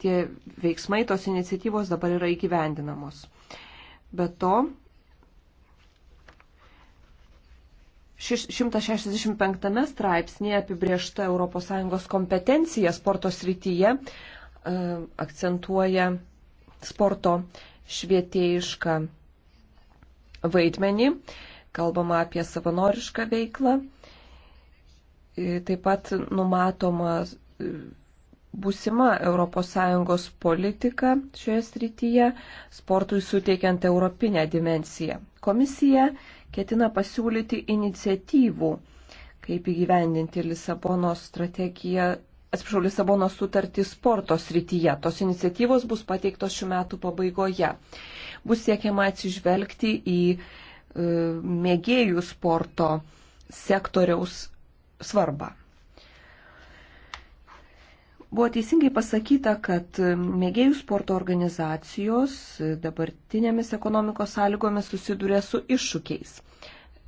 Tie veiksmai, tos iniciatyvos dabar yra įgyvendinamos. Be to, 165 straipsnėje apibriešta ES kompetencija sporto srityje e, akcentuoja sporto švietėjišką vaidmenį, kalbama apie savanorišką veiklą, e, taip pat numatoma e, būsima ES politika šioje srityje, sportui suteikiant europinę dimensiją. Komisija ketina pasiūlyti iniciatyvų, kaip įgyvendinti Lisabonos strategiją, atsiprašau, Lisabonos sutartį sporto srityje. Tos iniciatyvos bus pateiktos šių metų pabaigoje. Bus siekiama atsižvelgti į e, mėgėjų sporto sektoriaus svarbą. Buvo teisingai pasakyta, kad mėgėjų sporto organizacijos dabartinėmis ekonomikos sąlygomis susiduria su iššūkiais.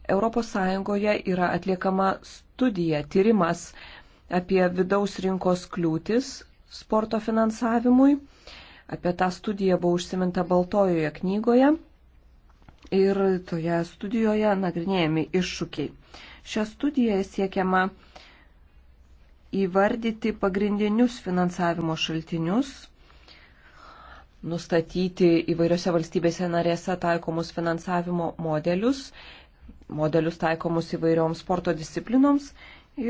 ES yra atliekama studija, tyrimas apie vidaus rinkos kliūtis sporto finansavimui. Apie tą studiją buvo užsiminta Baltojoje knygoje ir toje studijoje nagrinėjami iššūkiai. Šią studiją siekiama įvardyti pagrindinius finansavimo šaltinius, nustatyti įvairiose valstybėse narėse taikomus finansavimo modelius, modelius taikomus įvairioms sporto disciplinoms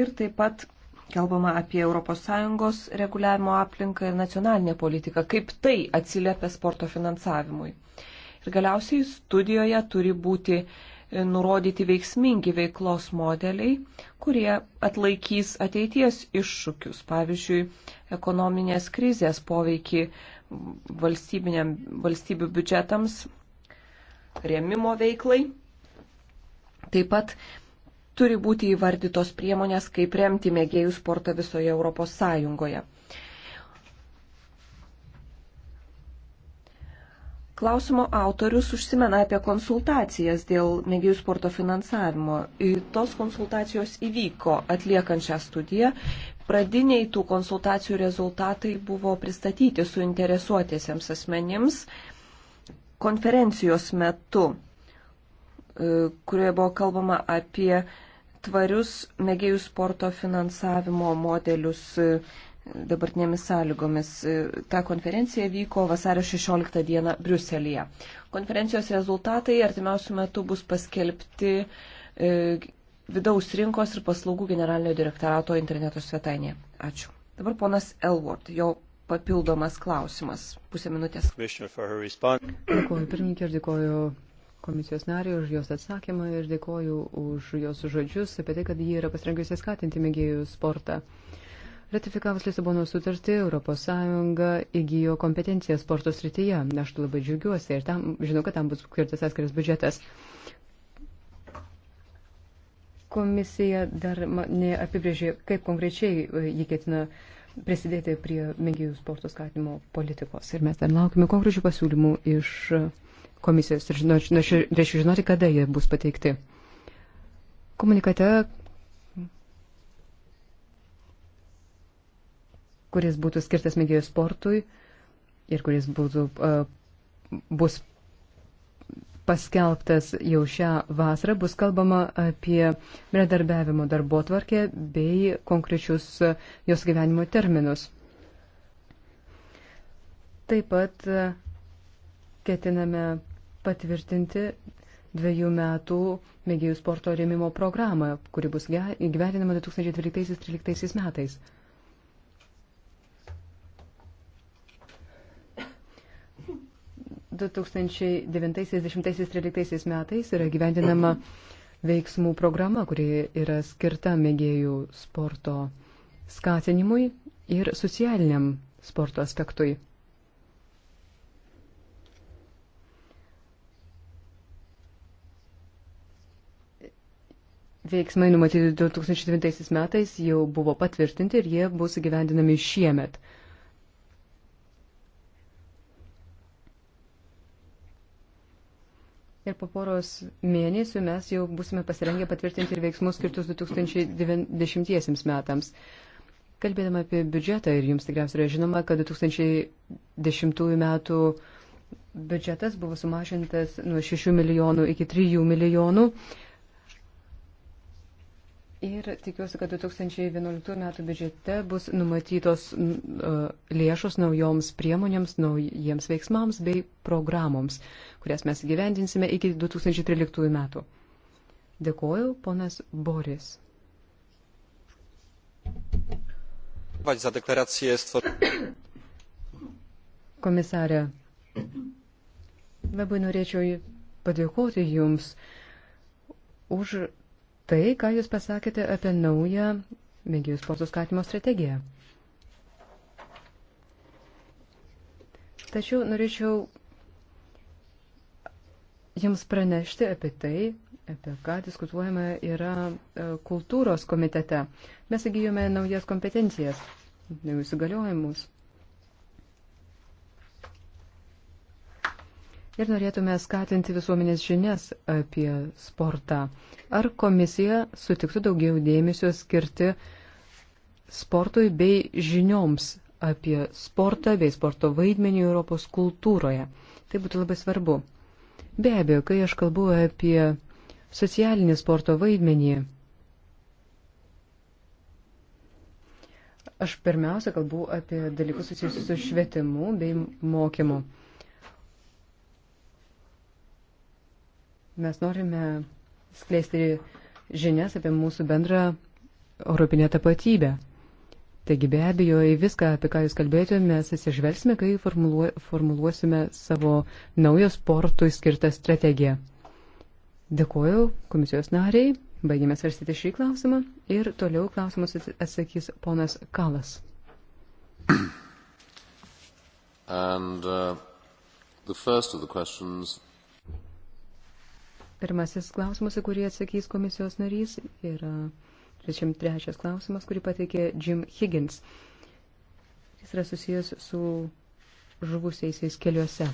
ir taip pat kalbama apie ES reguliavimo aplinką ir nacionalinę politiką, kaip tai atsiliepia sporto finansavimui. Ir galiausiai studijoje turi būti nurodyti veiksmingi veiklos modeliai, kurie atlaikys ateities iššūkius, pavyzdžiui, ekonominės krizės poveikį valstybių biudžetams, rėmimo veiklai. Taip pat turi būti įvardytos priemonės, kaip remti mėgėjų sportą visoje Europos Sąjungoje. Klausimo autorius užsimena apie konsultacijas dėl mėgėjų sporto finansavimo. Tos konsultacijos įvyko atliekant šią studiją. Pradiniai tų konsultacijų rezultatai buvo pristatyti suinteresuotiesiems asmenims konferencijos metu, e, kurioje buvo kalbama apie tvarius mėgėjų sporto finansavimo modelius e, dabartinėmis sąlygomis. E, Ta konferencija vyko vasario 16 dieną Briuselėje. Konferencijos rezultatai artimiausių metų bus paskelbti e, vidaus rinkos ir paslaugų generalinio direktorato interneto svetainėje. Ačiū. Dabar ponas Elward, jo papildomas klausimas. Pusę minutės. Dėkuoju pirmininkė ir dėkuoju komisijos nariai už jos atsakymą ir dėkuoju už jos žodžius apie tai, kad jie yra pasirengusi skatinti mėgėjų sportą. Uh, Ratifikavus Lisabono sutartį, ES įgyjo kompetenciją sporto srityje. Aš labai džiaugiuosi ir tam, žinau, kad tam bus skirtas atskiras biudžetas. Komisija dar neapibrėžė, kaip konkrečiai e, jį ketina prisidėti prie mėgėjų sporto skatimo politikos. Ir mes dar laukime konkrečių pasiūlymų iš komisijos ir reišiu žinoti, kada jie bus pateikti. Komunikate kuris būtų skirtas mėgėjų sportui ir kuris būtų, e, bus paskelbtas jau šią vasarą, bus kalbama apie bendradarbiavimo darbo tvarkę bei konkrečius e, jos gyvenimo terminus. Taip pat e, ketiname patvirtinti dviejų metų mėgėjų sporto rėmimo programą, kuri bus gyvenama 2012-2013 metais. 2009-2013 metais yra gyvendinama veiksmų programa, kuri yra skirta mėgėjų sporto skatinimui ir socialiniam sporto aspektui. Veiksmai numatyti 2009 metais jau buvo patvirtinti ir jie bus gyvendinami šiemet. Ir po poros mėnesių mes jau busime pasirengę patvirtinti ir veiksmus skirtus 2010 metams. Kalbėdama apie biudžetą, ir jums tikriausiai yra žinoma, kad 2010 metų biudžetas buvo sumažintas nuo 6 milijonų iki 3 milijonų. Ir tikiuosi, kad 2011 metų biudžete bus numatytos e, lėšos naujoms priemonėms, naujiems veiksmams bei programoms, kurias mes gyvendinsime iki 2013 metų. Dėkoju, ponas Boris. <coughs> Komisarė, labai norėčiau padėkoti Jums už tai, ką Jūs pasakėte apie naują mėgėjų sporto skatimo strategiją. Tačiau norėčiau Jums pranešti apie tai, apie ką diskutuojame yra e, kultūros komitete. Mes įgyjome naujas kompetencijas, naujus įgaliojimus. ir norėtume skatinti visuomenės žinias apie sportą. Ar komisija sutiktų daugiau dėmesio skirti sportui bei žinioms apie sportą bei sporto vaidmenį Europos kultūroje? Tai būtų labai svarbu. Be abejo, kai aš kalbu apie socialinį sporto vaidmenį, aš pirmiausia kalbu apie dalykus susijusius su švietimu bei mokymu. Mes norime skleisti žinias apie mūsų bendrą europinę tapatybę. Taigi be abejo, į viską, apie ką Jūs kalbėjote, mes atsižvelgsime, kai formuluo, formuluosime savo naujo sportui skirtą strategiją. Dėkuoju komisijos nariai, baigėme svarstyti šį klausimą ir toliau klausimus atsakys ponas Kalas. And, uh, the first of the questions Pirmasis klausimas, į kurį atsakys komisijos narys, yra 33 klausimas, kurį pateikė Jim Higgins. Jis yra susijęs su žuvusiais keliuose.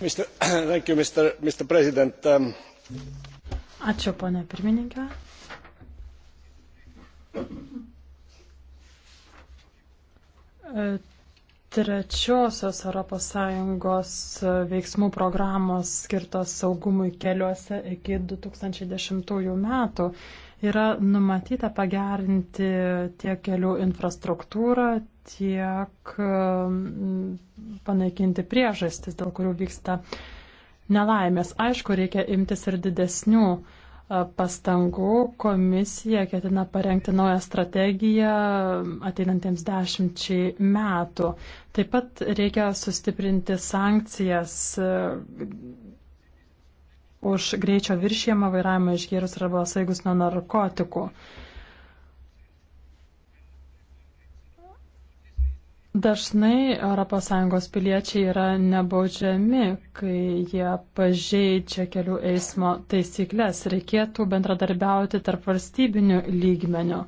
Mister, <clears throat> you, Mr. Mr. Um... Ačiū, ponė pirmininkė. Uh, trečiosios ES veiksmų programos skirtos saugumui keliuose iki 2010 metų yra numatyta pagerinti tiek kelių infrastruktūrą, tiek panaikinti priežastis, dėl kurių vyksta nelaimės. Aišku, reikia imtis ir didesnių uh, pastangų komisija ketina parengti naują strategiją ateinantiems dešimčiai metų. Taip pat reikia sustiprinti sankcijas e, už greičio viršėjimą vairavimą išgėrus arba saigus nuo narkotikų. Dažnai ES piliečiai yra nebaudžiami, kai jie pažeidžia kelių eismo taisyklės. Reikėtų bendradarbiauti tarp valstybinių lygmenių.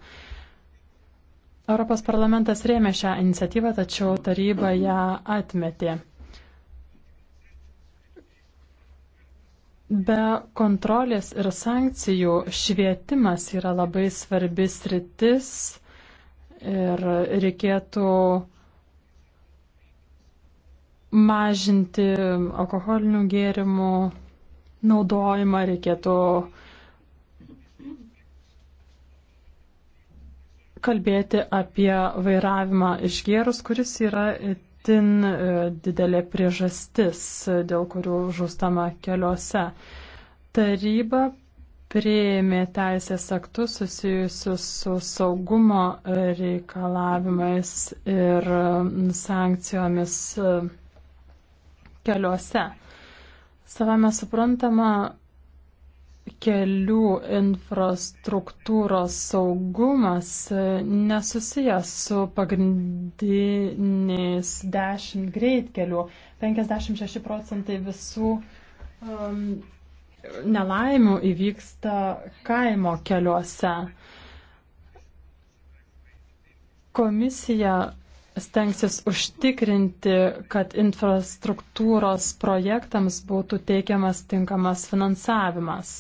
Europos parlamentas rėmė šią iniciatyvą, tačiau taryba ją atmetė. Be kontrolės ir sankcijų švietimas yra labai svarbi sritis ir reikėtų mažinti alkoholinių gėrimų naudojimą, reikėtų kalbėti apie vairavimą išgėrus, kuris yra itin e, didelė priežastis, e, dėl kurių žūstama keliuose. Taryba prieimė teisės aktus susijusius su saugumo reikalavimais ir e, sankcijomis keliuose. Savame suprantama, kelių infrastruktūros saugumas nesusijęs su pagrindiniais 10 greitkelių. 56 procentai visų um, nelaimių įvyksta kaimo keliuose. Komisija stengsis užtikrinti, kad infrastruktūros projektams būtų teikiamas tinkamas finansavimas.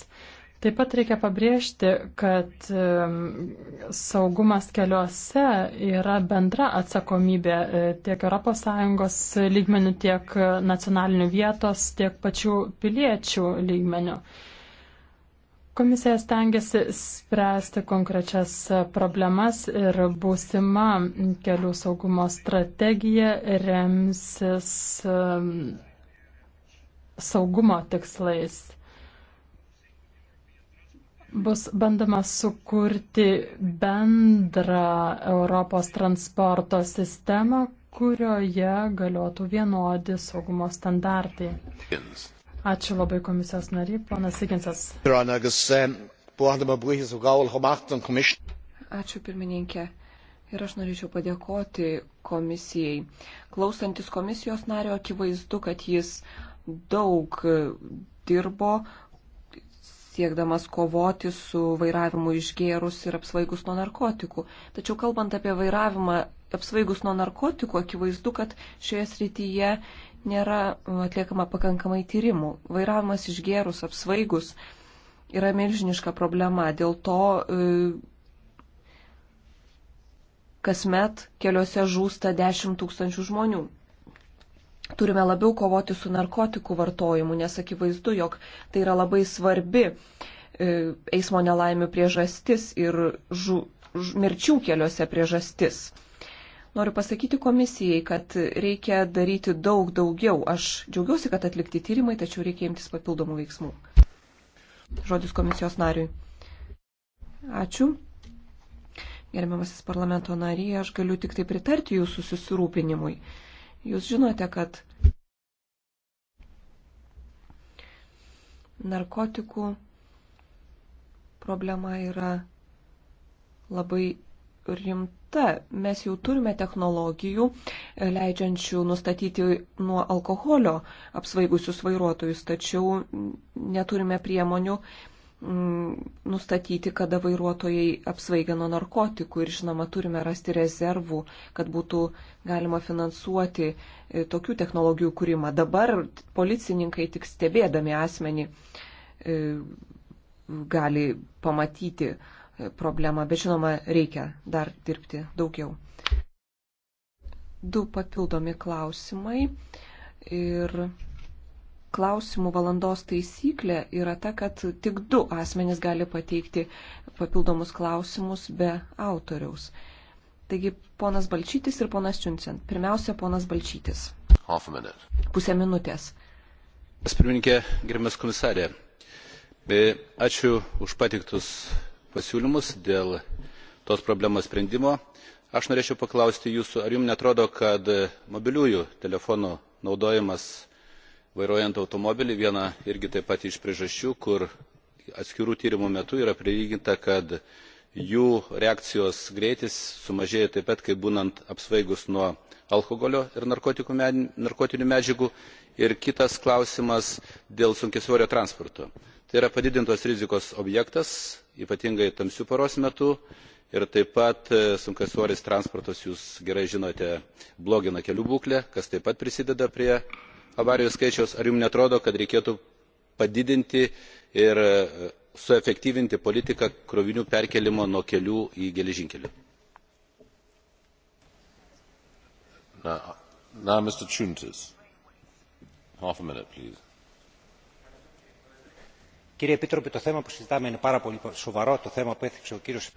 Taip pat reikia pabrėžti, kad saugumas keliuose yra bendra atsakomybė e, tiek ES lygmenių, tiek nacionalinių vietos, tiek pačių piliečių lygmenių. Komisija stengiasi spręsti konkrečias problemas ir būsima kelių saugumo strategija remsis um, saugumo tikslais. Bus bandama sukurti bendrą Europos transporto sistemą, kurioje galiotų vienodi saugumo standartai. Jens. Ačiū labai komisijos nariai, ponas Sikinsas. Ačiū pirmininkė. Ir aš norėčiau padėkoti komisijai. Klausantis komisijos nario, akivaizdu, kad jis daug dirbo siekdamas kovoti su vairavimu išgėrus ir apsvaigus nuo narkotikų. Tačiau kalbant apie vairavimą apsvaigus nuo narkotikų, akivaizdu, kad šioje srityje nėra atliekama pakankamai tyrimų. Vairavimas išgerus, apsvaigus yra milžiniška problema. Dėl to e, kasmet keliuose žūsta 10 tūkstančių žmonių. Turime labiau kovoti su narkotikų vartojimu, nes akivaizdu, jog tai yra labai svarbi e, eismo nelaimių priežastis ir žu, ž, mirčių keliuose priežastis. Noriu pasakyti komisijai, kad reikia daryti daug daugiau. Aš džiaugiausi, kad atlikti tyrimai, tačiau reikia imtis papildomų veiksmų. Žodis komisijos nariui. Ačiū. Gerbiamasis parlamento nariai, aš galiu tik tai pritarti jūsų susirūpinimui. Jūs žinote, kad narkotikų problema yra labai rimta. Mes jau turime technologijų, e, leidžiančių nustatyti nuo alkoholio apsvaigusius vairuotojus, tačiau neturime priemonių mm, nustatyti, kada vairuotojai apsvaigė nuo narkotikų ir, žinoma, turime rasti rezervų, kad būtų galima finansuoti e, tokių technologijų kūrimą. Dabar policininkai tik stebėdami asmenį e, gali pamatyti, problemą, bet žinoma, reikia dar dirbti daugiau. Du papildomi klausimai. Ir klausimų valandos taisyklė yra ta, kad tik du asmenys gali pateikti papildomus klausimus be autoriaus. Taigi ponas Balčytis ir ponas Čiuncen. Pirmiausia, ponas Balčytis. Pusę minutės. Pirmininkė, gerimas komisarė, ačiū už patiktus pasiūlymus dėl tos problemos sprendimo. Aš norėčiau paklausti jūsų, ar jums netrodo, kad mobiliųjų telefonų naudojimas vairuojant automobilį viena irgi taip pat iš priežasčių, kur atskirų tyrimų metu yra prilyginta, kad jų reakcijos greitis sumažėja taip pat, kai būnant apsvaigus nuo alkoholio ir narkotinių medžiagų. Ir kitas klausimas dėl sunkiasvorio transporto tai yra padidintos rizikos objektas ypatingai tamsiu paros metu ir taip pat e, sunkiasvoris transportas jūs gerai žinote blogina kelių būklę kas taip pat prisideda prie avarijų skaičiaus ar jums neatrodo kad reikėtų padidinti ir e, suefektyvinti politiką krovinių perkėlimo nuo kelių į geležinkelį? Now, now Mr. Chuntis. Half a minute, please. Κύριε Επίτροπε, το θέμα που συζητάμε είναι πάρα πολύ σοβαρό, το θέμα που έθιξε ο κύριος.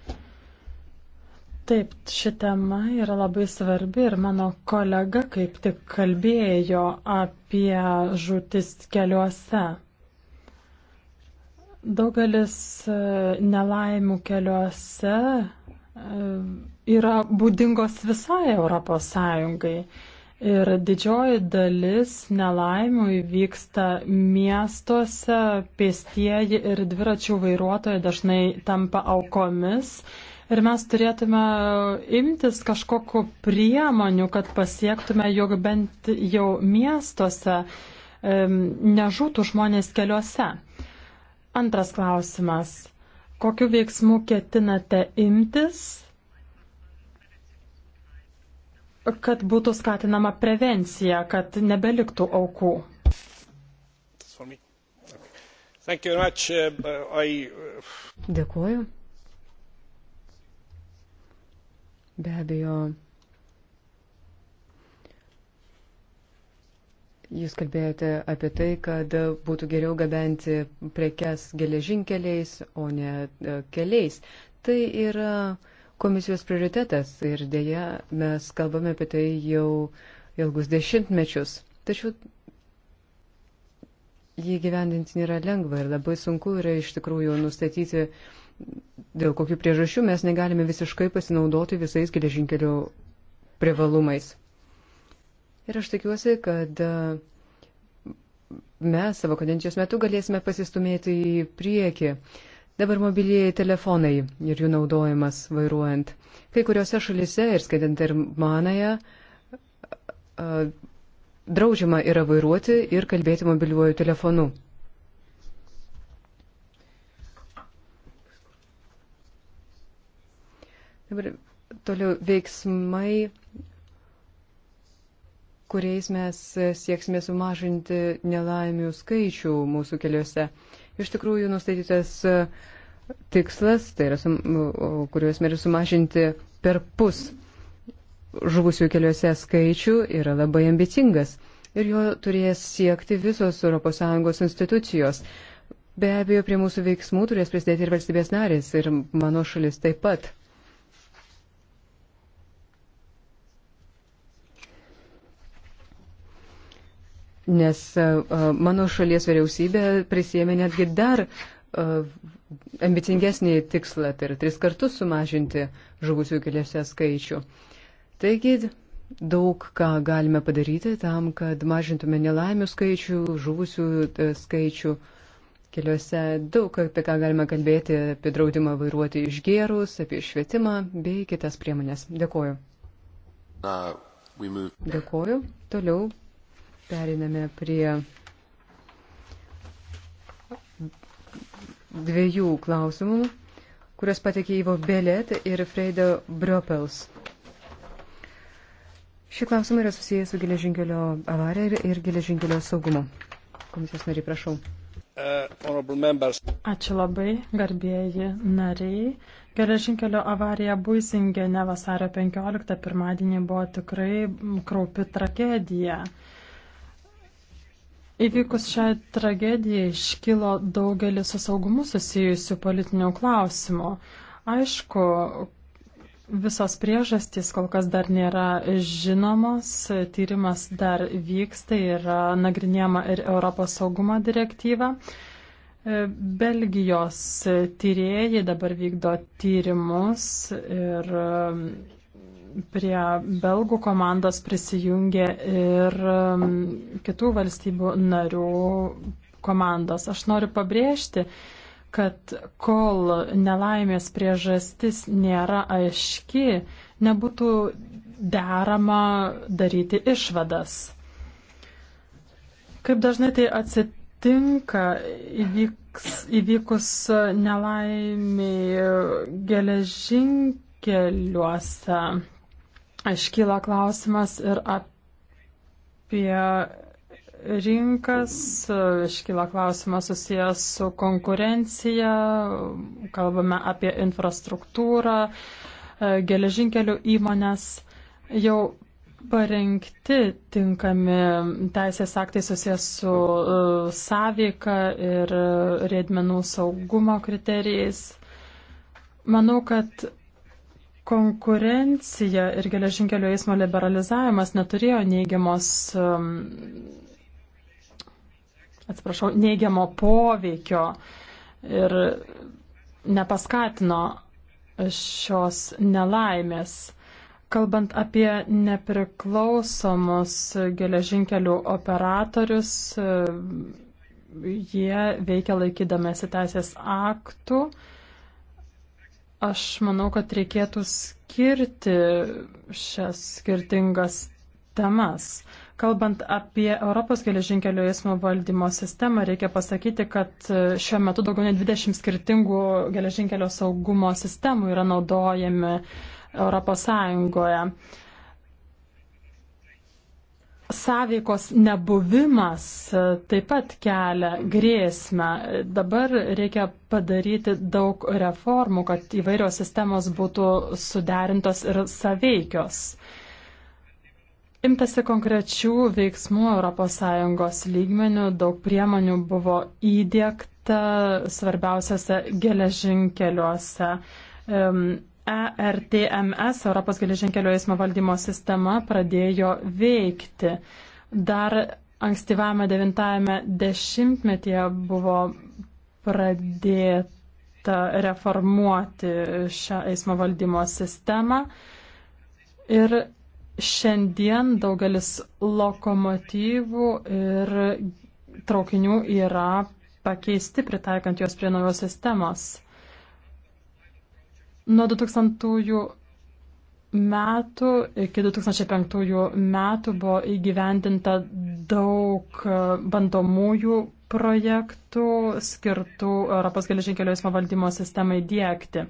Taip, ši tema yra labai svarbi ir mano kolega kaip tik kalbėjo apie žūtis keliuose. Daugelis e, nelaimų keliuose e, yra būdingos visai Europos Sąjungai. Ir didžioji dalis nelaimių įvyksta miestuose, pėstieji ir dviračių vairuotojai dažnai tampa aukomis. Ir mes turėtume imtis kažkokiu priemonių, kad pasiektume, jog bent jau miestuose um, nežūtų žmonės keliuose. Antras klausimas. Kokiu veiksmu ketinate imtis? kad būtų skatinama prevencija, kad nebeliktų aukų. Uh, uh, Dėkuoju. Be abejo, Jūs kalbėjote apie tai, kad būtų geriau gabenti prekes geležinkeliais, o ne uh, keliais. Tai yra uh, komisijos prioritetas ir dėja mes kalbame apie tai jau ilgus dešimtmečius. Tačiau jį gyvendinti nėra lengva ir labai sunku yra iš tikrųjų nustatyti, dėl kokių priežasčių mes negalime visiškai pasinaudoti visais geležinkelių privalumais. Ir aš tikiuosi, kad e, mes savo kadencijos metu galėsime pasistumėti į priekį. Dabar mobilieji telefonai ir jų naudojimas vairuojant. Kai kuriuose šalise, ir skaitant ir manąją, draudžiama yra vairuoti ir kalbėti mobiliuoju telefonu. Dabar toliau veiksmai, kuriais mes sieksime sumažinti nelaimių skaičių mūsų keliuose. Uh, iš tikrųjų nustatytas e, tikslas, tai yra, kurios meri sumažinti per pus žuvusių keliuose skaičių, yra labai ambicingas. Ir jo turės siekti visos ES institucijos. Be abejo, prie mūsų veiksmų turės prisidėti ir valstybės narės, ir mano šalis taip pat. nes e, e, mano šalies vyriausybė prisėmė netgi dar e, ambicingesnį tikslą, tai yra tris kartus sumažinti žuvusių keliuose skaičių. Taigi daug ką galime padaryti tam, kad mažintume nelaimių skaičių, žuvusių skaičių keliuose. Daug apie ką galime kalbėti, apie draudimą vairuoti išgėrus, apie švietimą bei kitas priemonės. Dėkoju. Dėkoju. Toliau Periname prie dviejų klausimų, kurias patikė Ivo Belet ir Freida Bropels. Šie klausimai yra susijęs su geležinkelio avarija ir, ir geležinkelio saugumu. Komisijos nariai, prašau. Uh, Ačiū labai, garbėjai nariai. Geležinkelio avarija Buisingene vasario 15 pirmadienį buvo tikrai kraupi tragedija. Įvykus šiai tragedijai iškilo daugelis su saugumu susijusių politinių klausimų. Aišku, visos priežastys kol kas dar nėra žinomos, tyrimas dar vyksta, yra nagrinėjama ir Europos saugumo direktyva. Belgijos tyrėjai dabar vykdo tyrimus ir Prie belgų komandos prisijungė ir um, kitų valstybių narių komandos. Aš noriu pabrėžti, kad kol nelaimės priežastis nėra aiški, nebūtų derama daryti išvadas. Kaip dažnai tai atsitinka įvyks, įvykus nelaimiai geležinkeliuose? iškyla klausimas ir apie rinkas, iškyla klausimas susijęs su konkurencija, kalbame apie infrastruktūrą, geležinkelių įmonės. Jau parengti tinkami teisės aktai susijęs su uh, sąveika ir uh, riedmenų saugumo kriterijais. Manau, kad Konkurencija ir geležinkelio eismo liberalizavimas neturėjo neigiamos, um, atsiprašau, neigiamo poveikio ir nepaskatino šios nelaimės. Kalbant apie nepriklausomus geležinkelių operatorius, jie veikia laikydamėsi teisės aktų. Aš manau, kad reikėtų skirti šias skirtingas temas. Kalbant apie Europos geležinkelio eismo valdymo sistemą, reikia pasakyti, kad šiuo metu daugiau nei 20 skirtingų geležinkelio saugumo sistemų yra naudojami Europos Sąjungoje. Uh, sąveikos nebuvimas e, taip pat kelia grėsmę. Dabar reikia padaryti daug reformų, kad įvairios sistemos būtų suderintos ir sąveikios. Imtasi konkrečių veiksmų ES lygmenių, daug priemonių buvo įdėkta svarbiausiose geležinkeliuose. Um, ERTMS, Europos geležinkelio eismo valdymo sistema, pradėjo veikti. Dar ankstyvame 90-ame dešimtmetyje buvo pradėta reformuoti šią eismo valdymo sistemą. Ir šiandien daugelis lokomotyvų ir traukinių yra pakeisti pritaikant juos prie naujos sistemos. Nuo 2000 metų iki 2005 metų buvo įgyvendinta daug e, bandomųjų projektų skirtų Europos geležinkelio eismo valdymo sistemai dėkti.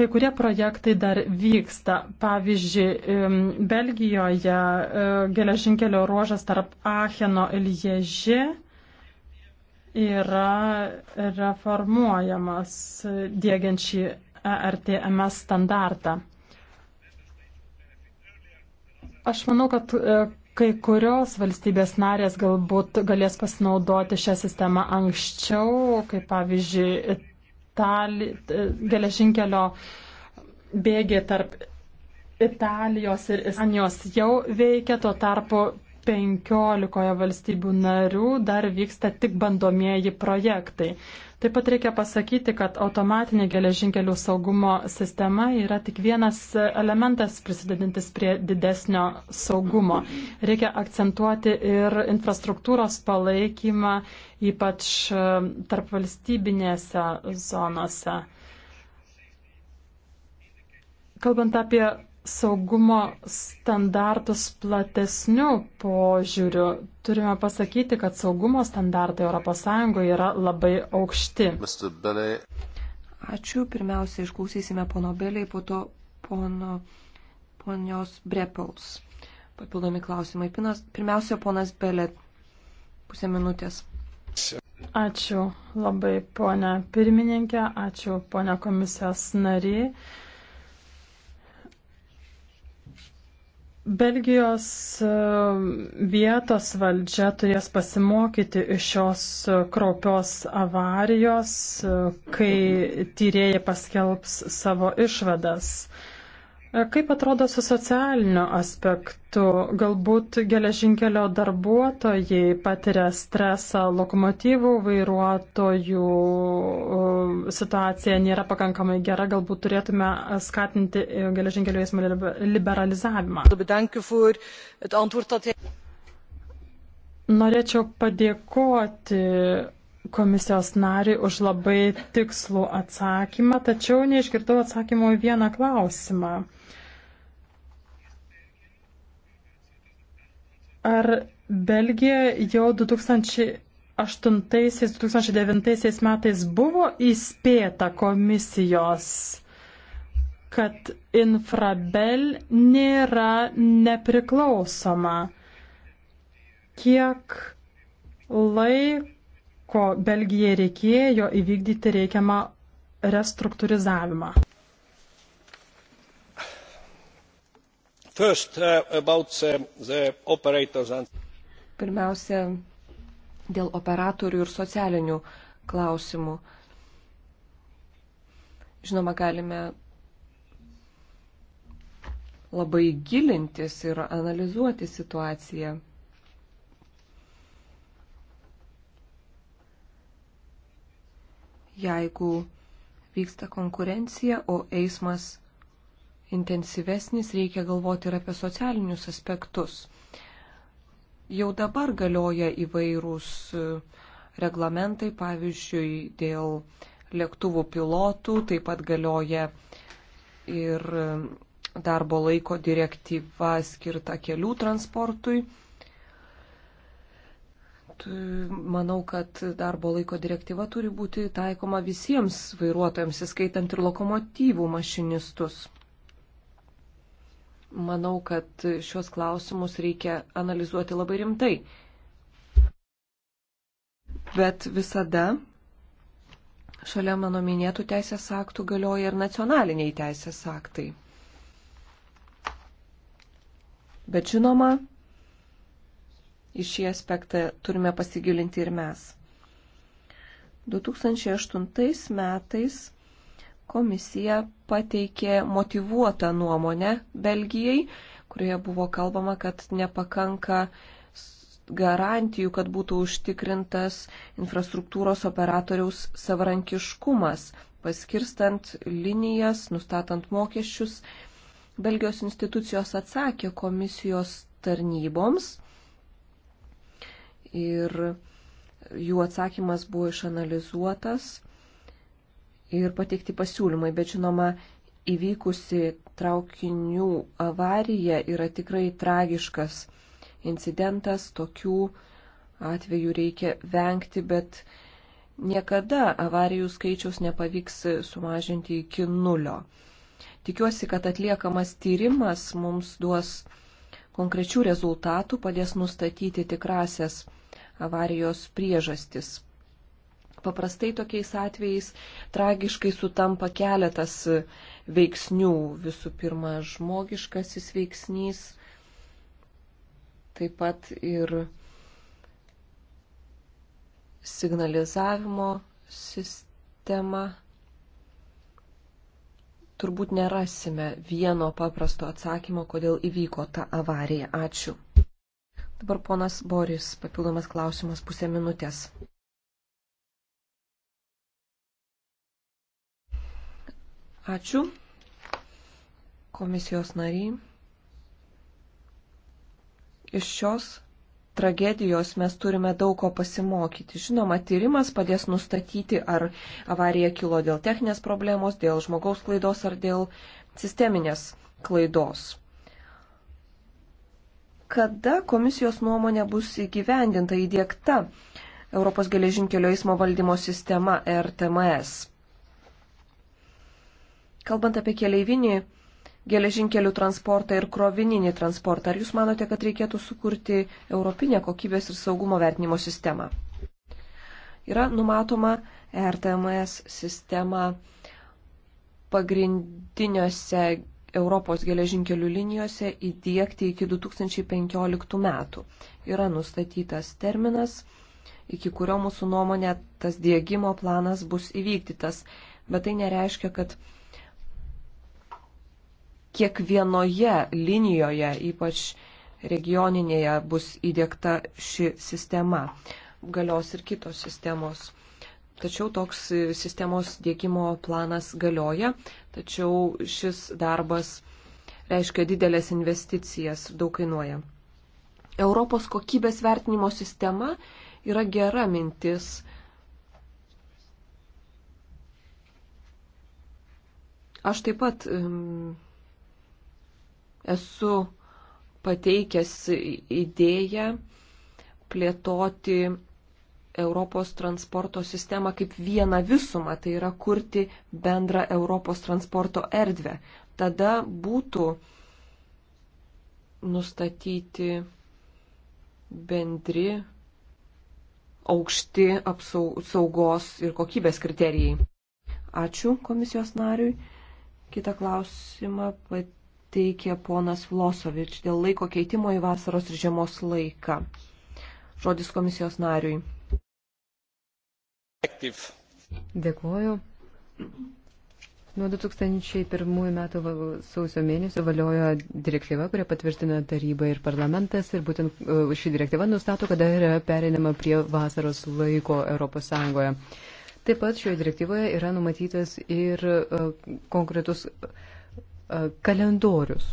Kai kurie projektai dar vyksta. Pavyzdžiui, Belgijoje e, geležinkelio ruožas tarp Acheno ir Ježi yra reformuojamas dėgiant šį ERTMS standartą. Aš manau, kad e, kai kurios valstybės narės galbūt galės pasinaudoti šią sistemą anksčiau, kaip pavyzdžiui, Itali... E, geležinkelio bėgiai tarp Italijos ir Ispanijos jau veikia, tuo tarpu 15 valstybių narių dar vyksta tik bandomieji projektai. Taip pat reikia pasakyti, kad automatinė geležinkelių saugumo sistema yra tik vienas elementas prisidedantis prie didesnio saugumo. Reikia akcentuoti ir infrastruktūros palaikymą, ypač e, tarp valstybinėse zonose. Kalbant apie saugumo standartus platesniu požiūriu. Turime pasakyti, kad saugumo standartai ES yra labai aukšti. Ačiū. Pirmiausia, išklausysime pono Beliai, po to pono, ponios Brepels. Papildomi klausimai. Pinas, pirmiausia, ponas Belė. Pusę minutės. Ačiū labai, ponia pirmininkė, ačiū ponia komisijos nariai. Belgijos e, vietos valdžia turės pasimokyti iš šios kraupios avarijos, e, kai tyrėjai paskelbs savo išvadas. E, kaip atrodo su socialiniu aspektu? Galbūt geležinkelio darbuotojai patiria stresą, lokomotyvų vairuotojų e, situacija nėra pakankamai gera, galbūt turėtume skatinti e, geležinkelio eismo liberalizavimą. Norėčiau padėkoti komisijos nariai už labai tikslų atsakymą, tačiau neišgirdau atsakymo į vieną klausimą. Ar Belgija jau 2008-2009 metais buvo įspėta komisijos, kad infrabel nėra nepriklausoma? Kiek laiko? ko Belgijai reikėjo įvykdyti reikiamą restruktūrizavimą. First, uh, about, uh, and... Pirmiausia, dėl operatorių ir socialinių klausimų. Žinoma, galime labai gilintis ir analizuoti situaciją. jeigu vyksta konkurencija, o eismas intensyvesnis, reikia galvoti ir apie socialinius aspektus. Jau dabar galioja įvairūs e, reglamentai, pavyzdžiui, dėl lėktuvų pilotų, taip pat galioja ir e, darbo laiko direktyva skirta kelių transportui. E, manau, kad darbo laiko direktyva turi būti taikoma visiems vairuotojams, įskaitant ir lokomotyvų mašinistus. Manau, kad šios klausimus reikia analizuoti labai rimtai. Bet visada šalia mano minėtų teisės aktų galioja ir nacionaliniai teisės aktai. Bet žinoma, į šį aspektą turime pasigilinti ir mes. 2008 metais komisija pateikė motivuotą nuomonę Belgijai, kurioje buvo kalbama, kad nepakanka garantijų, kad būtų užtikrintas infrastruktūros operatoriaus savarankiškumas, paskirstant linijas, nustatant mokesčius. Belgijos institucijos atsakė komisijos tarnyboms ir jų atsakymas buvo išanalizuotas ir pateikti pasiūlymai, bet žinoma, įvykusi traukinių avarija yra tikrai tragiškas incidentas, tokių atvejų reikia vengti, bet niekada avarijų skaičiaus nepavyks sumažinti iki nulio. Tikiuosi, kad atliekamas tyrimas mums duos konkrečių rezultatų, padės nustatyti tikrasias avarijos priežastis. Paprastai tokiais atvejais tragiškai sutampa keletas veiksnių. Visų pirma, žmogiškasis veiksnys, taip pat ir signalizavimo sistema. Turbūt nerasime vieno paprasto atsakymo, kodėl įvyko ta avarija. Ačiū. Dabar ponas Boris, papildomas klausimas pusę minutės. Ačiū. Komisijos nariai. Iš šios tragedijos mes turime daug ko pasimokyti. Žinoma, tyrimas padės nustatyti, ar avarija kilo dėl techninės problemos, dėl žmogaus klaidos ar dėl sisteminės klaidos kada komisijos nuomonė bus įgyvendinta įdėkta Europos geležinkelio eismo valdymo sistema RTMS. Kalbant apie keleivinį geležinkelių transportą ir krovininį transportą, ar jūs manote, kad reikėtų sukurti Europinę kokybės ir saugumo vertinimo sistemą? Yra numatoma RTMS sistema pagrindiniuose Europos geležinkelių linijose įdėkti iki 2015 metų. Yra nustatytas terminas, iki kurio mūsų nuomonė tas dėgymo planas bus įvykdytas, bet tai nereiškia, kad kiekvienoje linijoje, ypač regioninėje, bus įdėkta ši sistema. Galios ir kitos sistemos. Tačiau toks sistemos dėgymo planas galioja, tačiau šis darbas reiškia didelės investicijas, daug kainuoja. Europos kokybės vertinimo sistema yra gera mintis. Aš taip pat um, esu pateikęs idėją plėtoti Europos transporto sistemą kaip vieną visumą, tai yra kurti bendrą Europos transporto erdvę. Tada būtų nustatyti bendri aukšti apsaugos ir kokybės kriterijai. Ačiū komisijos nariui. Kita klausimą pateikė ponas Vlosovič dėl laiko keitimo į vasaros ir žiemos laiką. Žodis komisijos nariui. Dėkuoju. Nuo 2001 metų sausio mėnesio valiojo direktyva, kurią patvirtina taryba ir parlamentas. Ir būtent e, ši direktyva nustato, kada yra perinama prie vasaros laiko ES. Taip pat šioje direktyvoje yra numatytas ir e, konkretus e, kalendorius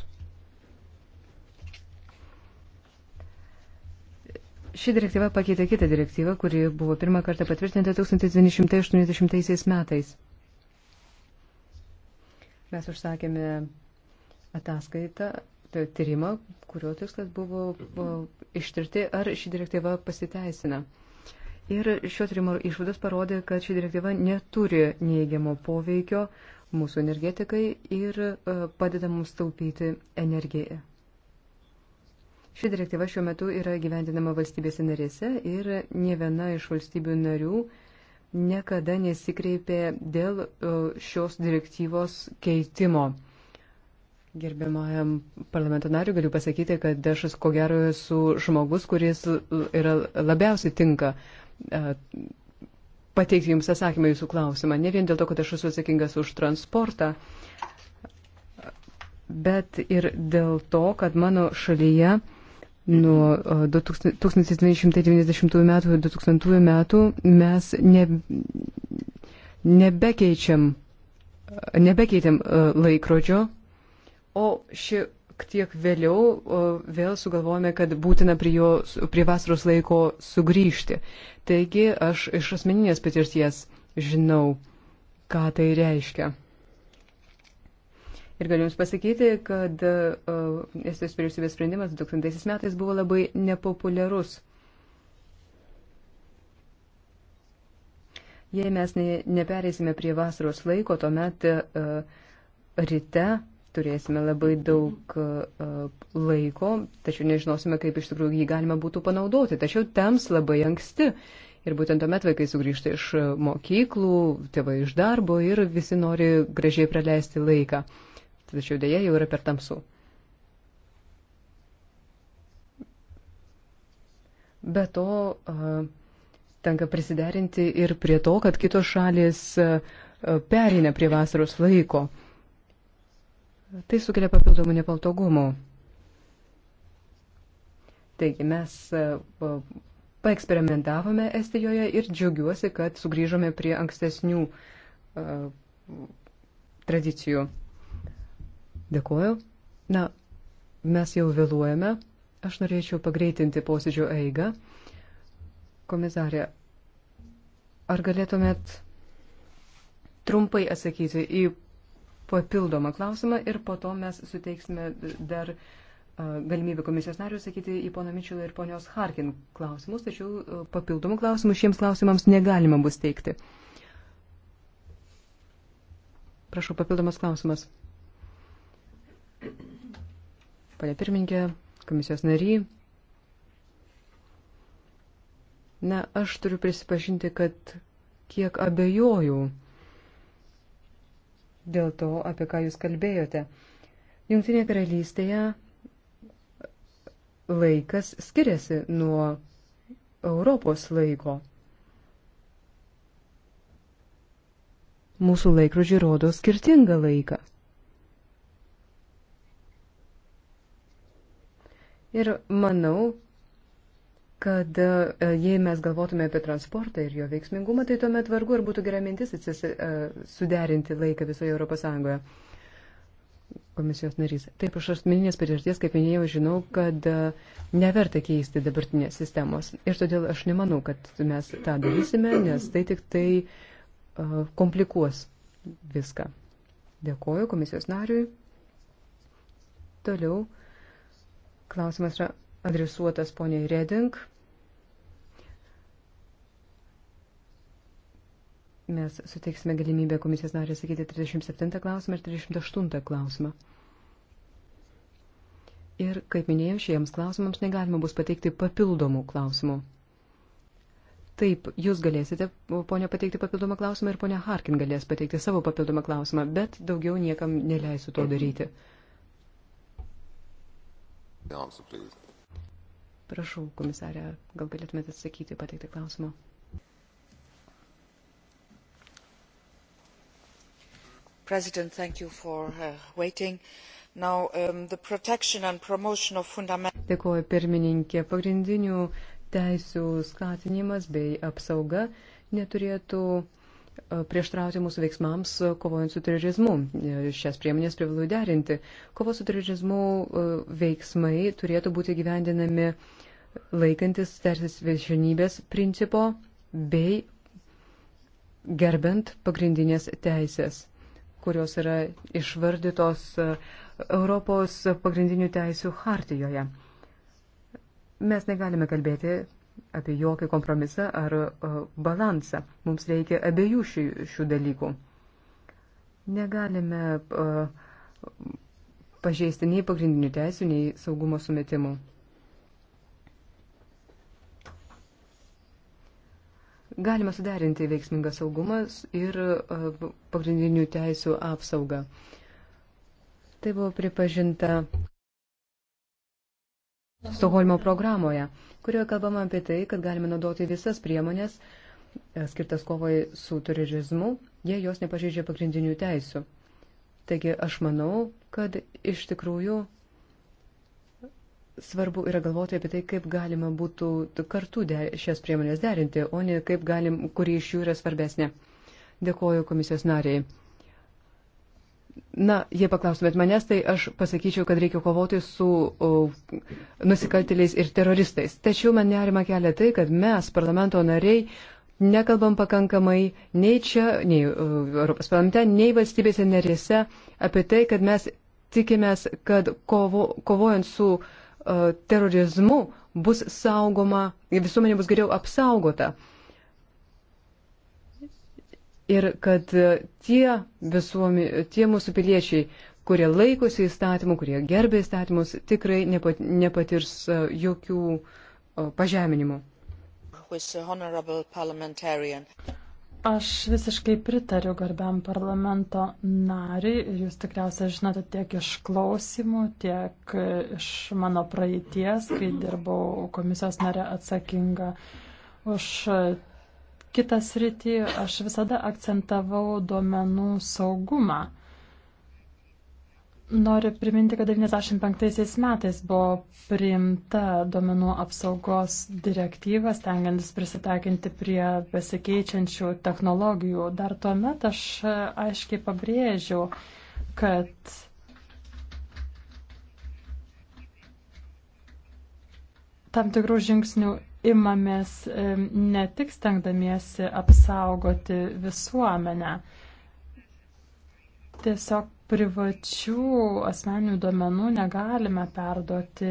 Ši direktyva pakeitė kitą direktyvą, kuri buvo pirmą kartą patvirtinta 1980 metais. Mes užsakėme ataskaitą, tai tyrimą, kurio tikslas buvo, buvo ištirti, ar ši direktyva pasiteisina. Ir šio tyrimo išvados parodė, kad ši direktyva neturi neigiamo poveikio mūsų energetikai ir e, padeda mums taupyti energiją. Ši direktyva šiuo metu yra gyvendinama valstybėse narėse ir ne viena iš valstybių narių niekada nesikreipė dėl šios direktyvos keitimo. Gerbiamajam parlamento nariu galiu pasakyti, kad aš ko gero esu žmogus, kuris e, yra labiausiai tinka e, pateikti Jums atsakymą Jūsų klausimą. Ne vien dėl to, kad aš esu atsakingas už transportą, bet ir dėl to, kad mano šalyje nuo 1990 metų ir 2000 metų mes ne, nebekeičiam, nebekeitėm laikrodžio, o ši tiek vėliau vėl sugalvojame, kad būtina prie, jo, prie vasaros laiko sugrįžti. Taigi aš iš asmeninės patirties žinau, ką tai reiškia. Ir galiu Jums pasakyti, kad uh, Estijos vyriausybės sprendimas 2000 metais buvo labai nepopuliarus. Jei mes ne, nepereisime prie vasaros laiko, tuomet uh, ryte turėsime labai daug uh, laiko, tačiau nežinosime, kaip iš tikrųjų jį galima būtų panaudoti. Tačiau tems labai anksti. Ir būtent tuomet vaikai sugrįžta iš mokyklų, tėvai iš darbo ir visi nori gražiai praleisti laiką. Uh, tačiau dėja jau yra per tamsu. Be to, tenka prisiderinti ir prie to, kad kitos šalis perina prie vasaros laiko. Tai sukelia papildomų nepaltogumų. Taigi mes paeksperimentavome Estijoje ir džiaugiuosi, kad sugrįžome prie ankstesnių uh, tradicijų. Dėkuoju. Na, mes jau vėluojame. Aš norėčiau pagreitinti posėdžio eigą. Komisarė, ar galėtumėt trumpai atsakyti į papildomą klausimą ir po to mes suteiksime dar galimybę komisijos narių sakyti į pono Mičilą ir ponios Harkin klausimus, tačiau papildomų klausimų šiems klausimams negalima bus teikti. Prašau, papildomas klausimas. Pane pirmininkė, komisijos nary. Na, aš turiu prisipažinti, kad kiek abejojau dėl to, apie ką jūs kalbėjote. Junktinėje karalystėje laikas skiriasi nuo Europos laiko. Mūsų laikrodžiai rodo skirtingą laiką. Ir manau, kad e, jei mes galvotume apie transportą ir jo veiksmingumą, tai tuomet vargu ar būtų gera mintis atsis, e, suderinti laiką visoje ES. Komisijos narys. Taip, aš asmeninės patirties, kaip minėjau, žinau, kad e, neverta keisti dabartinės sistemos. Ir todėl aš nemanau, kad mes tą darysime, nes tai tik tai komplikuos viską. Dėkoju komisijos nariui. Toliau. Klausimas yra adresuotas poniai Reding. Mes suteiksime galimybę komisijos narė sakyti 37 klausimą ir 38 klausimą. Ir, kaip minėjau, šiems klausimams negalima bus pateikti papildomų klausimų. Taip, jūs galėsite, ponia, pateikti papildomą klausimą ir ponia Harkin galės pateikti savo papildomą klausimą, bet daugiau niekam neleisiu to daryti. Mm -hmm. Prašau, komisarė, gal galėtumėte atsakyti pateiktą klausimą. President, thank you for uh, waiting. Now, um, the protection and promotion of fundamental. Dėkuoju pirmininkė. Pagrindinių teisų skatinimas bei apsauga neturėtų uh, E, prieštrauti mūsų veiksmams e, kovojant su terorizmu. E, šias priemonės privalu derinti. Kovo su terorizmu veiksmai turėtų būti gyvendinami laikantis teisės viršinybės principo bei gerbent pagrindinės teisės, kurios yra išvardytos Europos pagrindinių teisių hartijoje. Mes negalime kalbėti apie jokį kompromisą ar e, balansą. Mums reikia abiejų šių, šių dalykų. Negalime e, pažeisti nei pagrindinių teisų, nei saugumo sumetimų. Galima suderinti veiksmingą saugumą ir e, pagrindinių teisų apsaugą. Tai buvo pripažinta Stoholmo programoje, kurioje kalbama apie tai, kad galime naudoti visas priemonės e, skirtas kovai su terorizmu, jei jos nepažeidžia pagrindinių teisų. Taigi aš manau, kad iš tikrųjų svarbu yra galvoti apie tai, kaip galima būtų kartu šias priemonės derinti, o ne kaip galim, kuri iš jų yra svarbesnė. Dėkoju komisijos nariai. Na, jei paklaustumėt manęs, tai aš pasakyčiau, kad reikia kovoti su o, nusikaltėliais ir teroristais. Tačiau man nerima kelia tai, kad mes, parlamento nariai, nekalbam pakankamai nei čia, nei Europos parlamente, nei valstybėse narėse apie tai, kad mes tikimės, kad kovo, kovojant su uh, terorizmu bus saugoma, visuomenė bus geriau apsaugota. Uh, ir kad tie, visuomi, tie mūsų piliečiai, kurie laikosi įstatymų, kurie gerbė įstatymus, tikrai nepat, nepatirs e, jokių e, pažeminimų. Aš visiškai pritariu garbiam parlamento nariui ir jūs tikriausiai žinote tiek iš klausimų, tiek iš mano praeities, kai dirbau komisijos narė atsakinga už kitas rytį aš visada akcentavau duomenų saugumą. Noriu priminti, kad 1995 metais buvo priimta duomenų apsaugos direktyva, stengiantis prisitaikinti prie besikeičiančių technologijų. Dar tuo metu aš aiškiai pabrėžiau, kad tam tikrų žingsnių imamės ne tik stengdamiesi apsaugoti visuomenę. Tiesiog privačių asmeninių duomenų negalime perduoti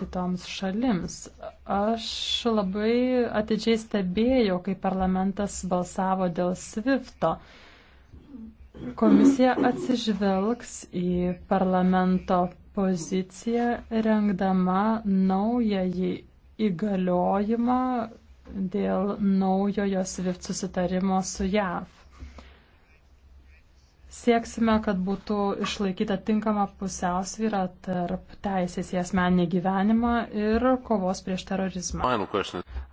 kitoms šalims. Aš labai atidžiai stebėjau, kai parlamentas balsavo dėl SWIFTO. Komisija atsižvelgs į parlamento poziciją, rengdama naująjį įgaliojimą dėl naujojo SWIFT susitarimo su JAV. Sieksime, kad būtų išlaikyta tinkama pusiausvyra tarp teisės į asmenį gyvenimą ir kovos prieš terorizmą.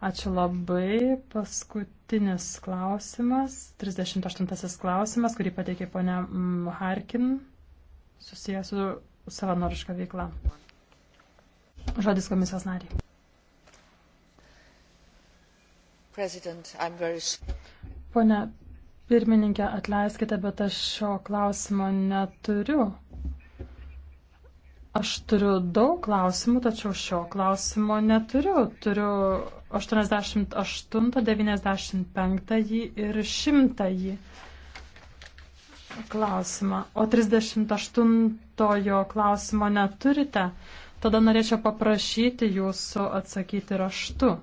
Ačiū labai. Paskutinis klausimas, 38 klausimas, kurį pateikė ponia Harkin, susijęs su savanoriška veikla. Žodis komisijos nariai. Very... Pone pirmininkė, atleiskite, bet aš šio klausimo neturiu. Aš turiu daug klausimų, tačiau šio klausimo neturiu. Turiu 88, 95 ir 100 klausimą. O 38 klausimo neturite? Tada norėčiau paprašyti jūsų atsakyti raštu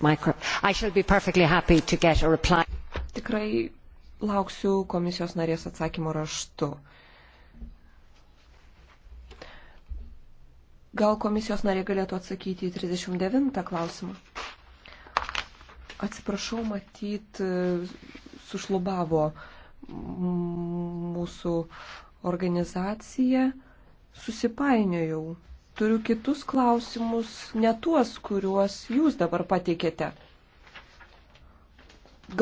micro. I shall be perfectly happy to get a reply. Tikrai lauksiu komisijos narės atsakymo raštu. Gal komisijos narė galėtų atsakyti į 39 klausimą? Atsiprašau, matyt, sušlubavo mūsų organizacija. Susipainiojau turiu kitus klausimus, ne tuos, kuriuos jūs dabar pateikėte.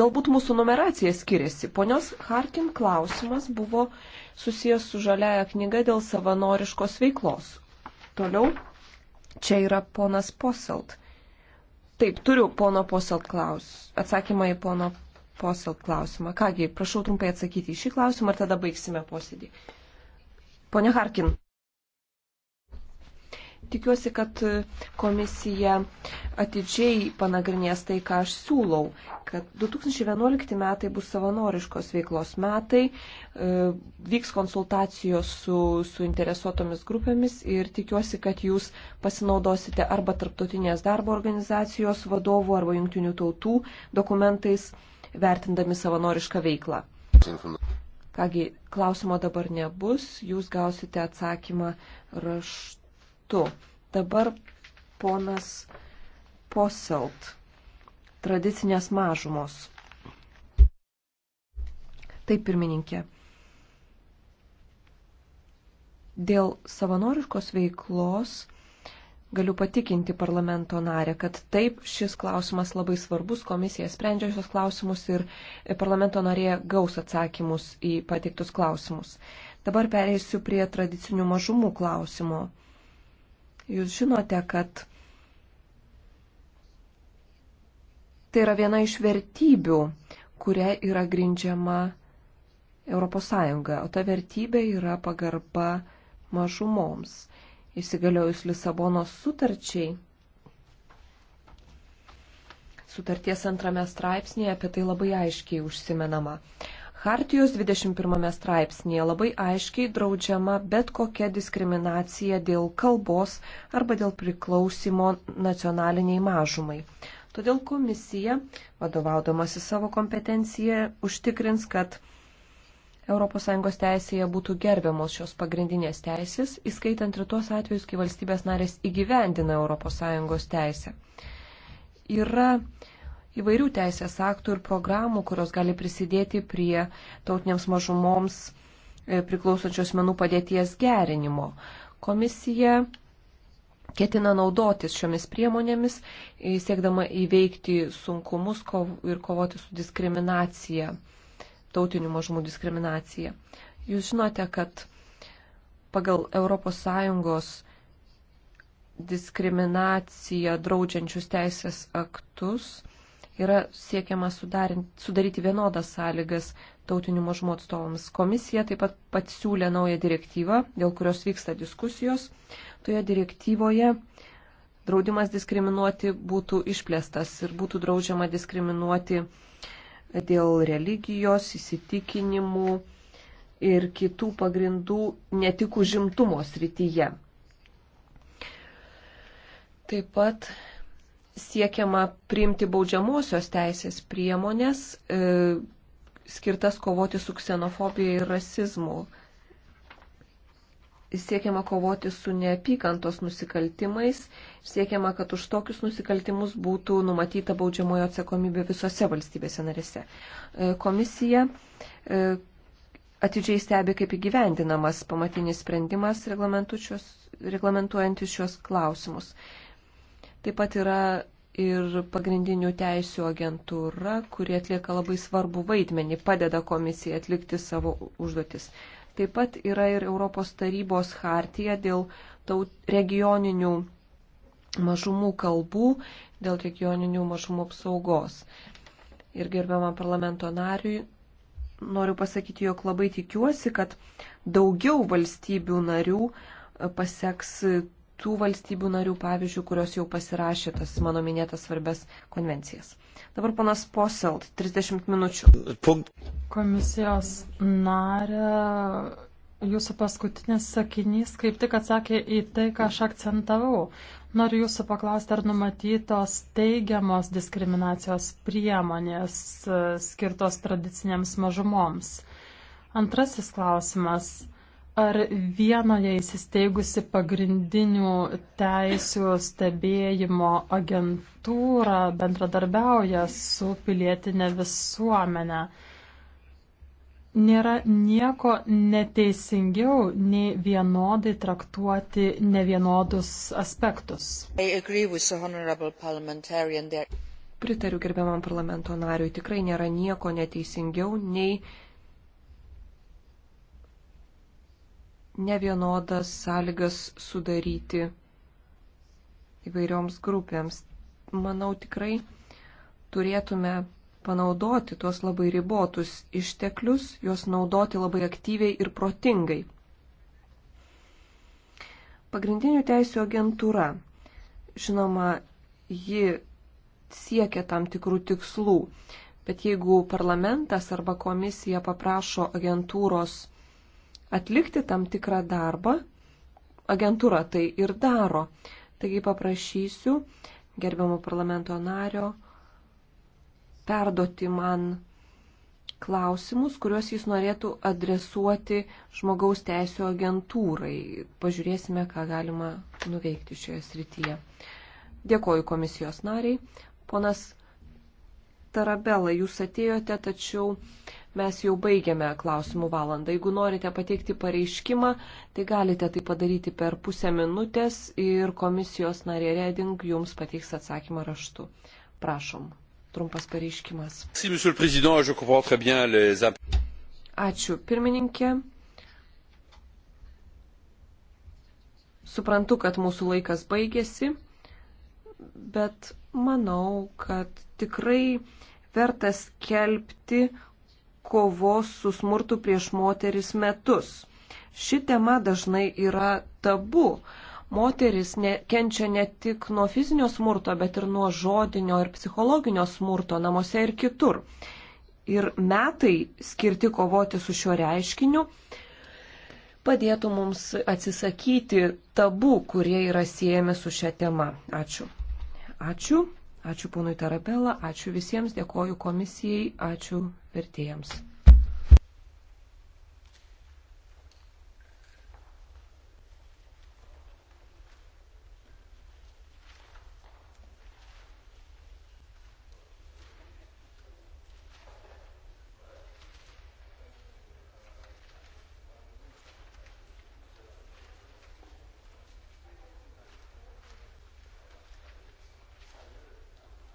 Galbūt mūsų numeracija skiriasi. Ponios Harkin klausimas buvo susijęs su žaliaja knyga dėl savanoriškos veiklos. Toliau čia yra ponas Poselt. Taip, turiu pono Poselt klaus. atsakymą į pono Poselt klausimą. Kągi, prašau trumpai atsakyti į šį klausimą ir tada baigsime posėdį. Pone Harkin. Tikiuosi, kad komisija atidžiai panagrinės tai, ką aš siūlau, kad 2011 metai bus savanoriškos veiklos metai, e, vyks konsultacijos su, su interesuotomis grupėmis ir tikiuosi, kad jūs pasinaudosite arba tarptautinės darbo organizacijos vadovų arba jungtinių tautų dokumentais, vertindami savanorišką veiklą. Kągi, klausimo dabar nebus, jūs gausite atsakymą raštu metu. Dabar ponas Poselt, tradicinės mažumos. Taip, pirmininkė. Dėl savanoriškos veiklos galiu patikinti parlamento narę, kad taip šis klausimas labai svarbus, komisija sprendžia šios klausimus ir parlamento narė gaus atsakymus į pateiktus klausimus. Dabar pereisiu prie tradicinių mažumų klausimo. Jūs žinote, kad tai yra viena iš vertybių, kuria yra grindžiama ES, o ta vertybė yra pagarba mažumoms. Įsigaliojus Lisabonos sutarčiai, sutarties antrame straipsnėje apie tai labai aiškiai užsimenama. Hartijos 21 straipsnėje labai aiškiai draudžiama bet kokia diskriminacija dėl kalbos arba dėl priklausimo nacionaliniai mažumai. Todėl komisija, vadovaudamasi savo kompetenciją, užtikrins, kad ES teisėje būtų gerbiamos šios pagrindinės teisės, įskaitant ir tuos atvejus, kai valstybės narės įgyvendina ES teisę. Yra įvairių teisės aktų ir programų, kurios gali prisidėti prie tautiniams mažumoms e, priklausančios menų padėties gerinimo. Komisija ketina naudotis šiomis priemonėmis, e, siekdama įveikti sunkumus ir kovoti su diskriminacija, tautinių mažumų diskriminacija. Jūs žinote, kad pagal ES diskriminaciją draudžiančius teisės aktus yra siekiama sudaryti vienodas sąlygas tautinių mažumų atstovams. Komisija taip pat pasiūlė naują direktyvą, dėl kurios vyksta diskusijos. Toje direktyvoje draudimas diskriminuoti būtų išplėstas ir būtų draudžiama diskriminuoti dėl religijos, įsitikinimų ir kitų pagrindų ne tik užimtumo srityje. Taip pat siekiama priimti baudžiamosios teisės priemonės e, skirtas kovoti su ksenofobija ir rasizmu. Siekiama kovoti su neapykantos nusikaltimais, siekiama, kad už tokius nusikaltimus būtų numatyta baudžiamojo atsakomybė visose valstybėse narėse. E, komisija e, atidžiai stebi, kaip įgyvendinamas pamatinis sprendimas reglamentuojantis šios klausimus. E, Taip pat yra ir pagrindinių teisų agentūra, kurie atlieka labai svarbų vaidmenį, padeda komisijai atlikti savo užduotis. Taip pat yra ir Europos tarybos hartija dėl taut, regioninių mažumų kalbų, dėl regioninių mažumų apsaugos. Ir gerbiamam parlamento nariui noriu pasakyti, jog labai tikiuosi, kad daugiau valstybių narių paseks tų valstybių narių pavyzdžių, kurios jau pasirašė tas mano minėtas svarbės konvencijas. Dabar panas Poselt, 30 minučių. Punkt. Komisijos narė, jūsų paskutinis sakinys kaip tik atsakė į tai, ką aš akcentavau. Noriu jūsų paklausti, ar numatytos teigiamos diskriminacijos priemonės e, skirtos tradicinėms mažumoms. Antrasis klausimas Ar vienoje įsisteigusi pagrindinių teisių stebėjimo agentūra bendradarbiauja su pilietinė visuomenė? Nėra nieko neteisingiau nei vienodai traktuoti nevienodus aspektus. Pritariu gerbiamam parlamento nariui, tikrai nėra nieko neteisingiau nei nevienodas sąlygas sudaryti įvairioms grupėms. Manau, tikrai turėtume panaudoti tuos labai ribotus išteklius, juos naudoti labai aktyviai ir protingai. Pagrindinių teisų agentūra. Žinoma, ji siekia tam tikrų tikslų, bet jeigu parlamentas arba komisija paprašo agentūros atlikti tam tikrą darbą, agentūra tai ir daro. Taigi paprašysiu gerbiamo parlamento nario perduoti man klausimus, kuriuos jis norėtų adresuoti žmogaus teisų agentūrai. Pažiūrėsime, ką galima nuveikti šioje srityje. Dėkoju komisijos nariai. Ponas Tarabela, jūs atėjote, tačiau mes jau baigėme klausimų valandą. Jeigu norite pateikti pareiškimą, tai galite tai padaryti per pusę minutės ir komisijos narė Reding jums pateiks atsakymą raštu. Prašom, trumpas pareiškimas. Ačiū, pirmininkė. Suprantu, kad mūsų laikas baigėsi, bet manau, kad tikrai verta skelbti kovos su smurtu prieš moteris metus. Ši tema dažnai yra tabu. Moteris ne, kenčia ne tik nuo fizinio smurto, bet ir nuo žodinio ir psichologinio smurto namuose ir kitur. Ir metai skirti kovoti su šiuo reiškiniu padėtų mums atsisakyti tabų, kurie yra siejami su šia tema. Ačiū. Ačiū. Ačiū ponui Tarabela, ačiū visiems, dėkoju komisijai, ačiū vertėjams.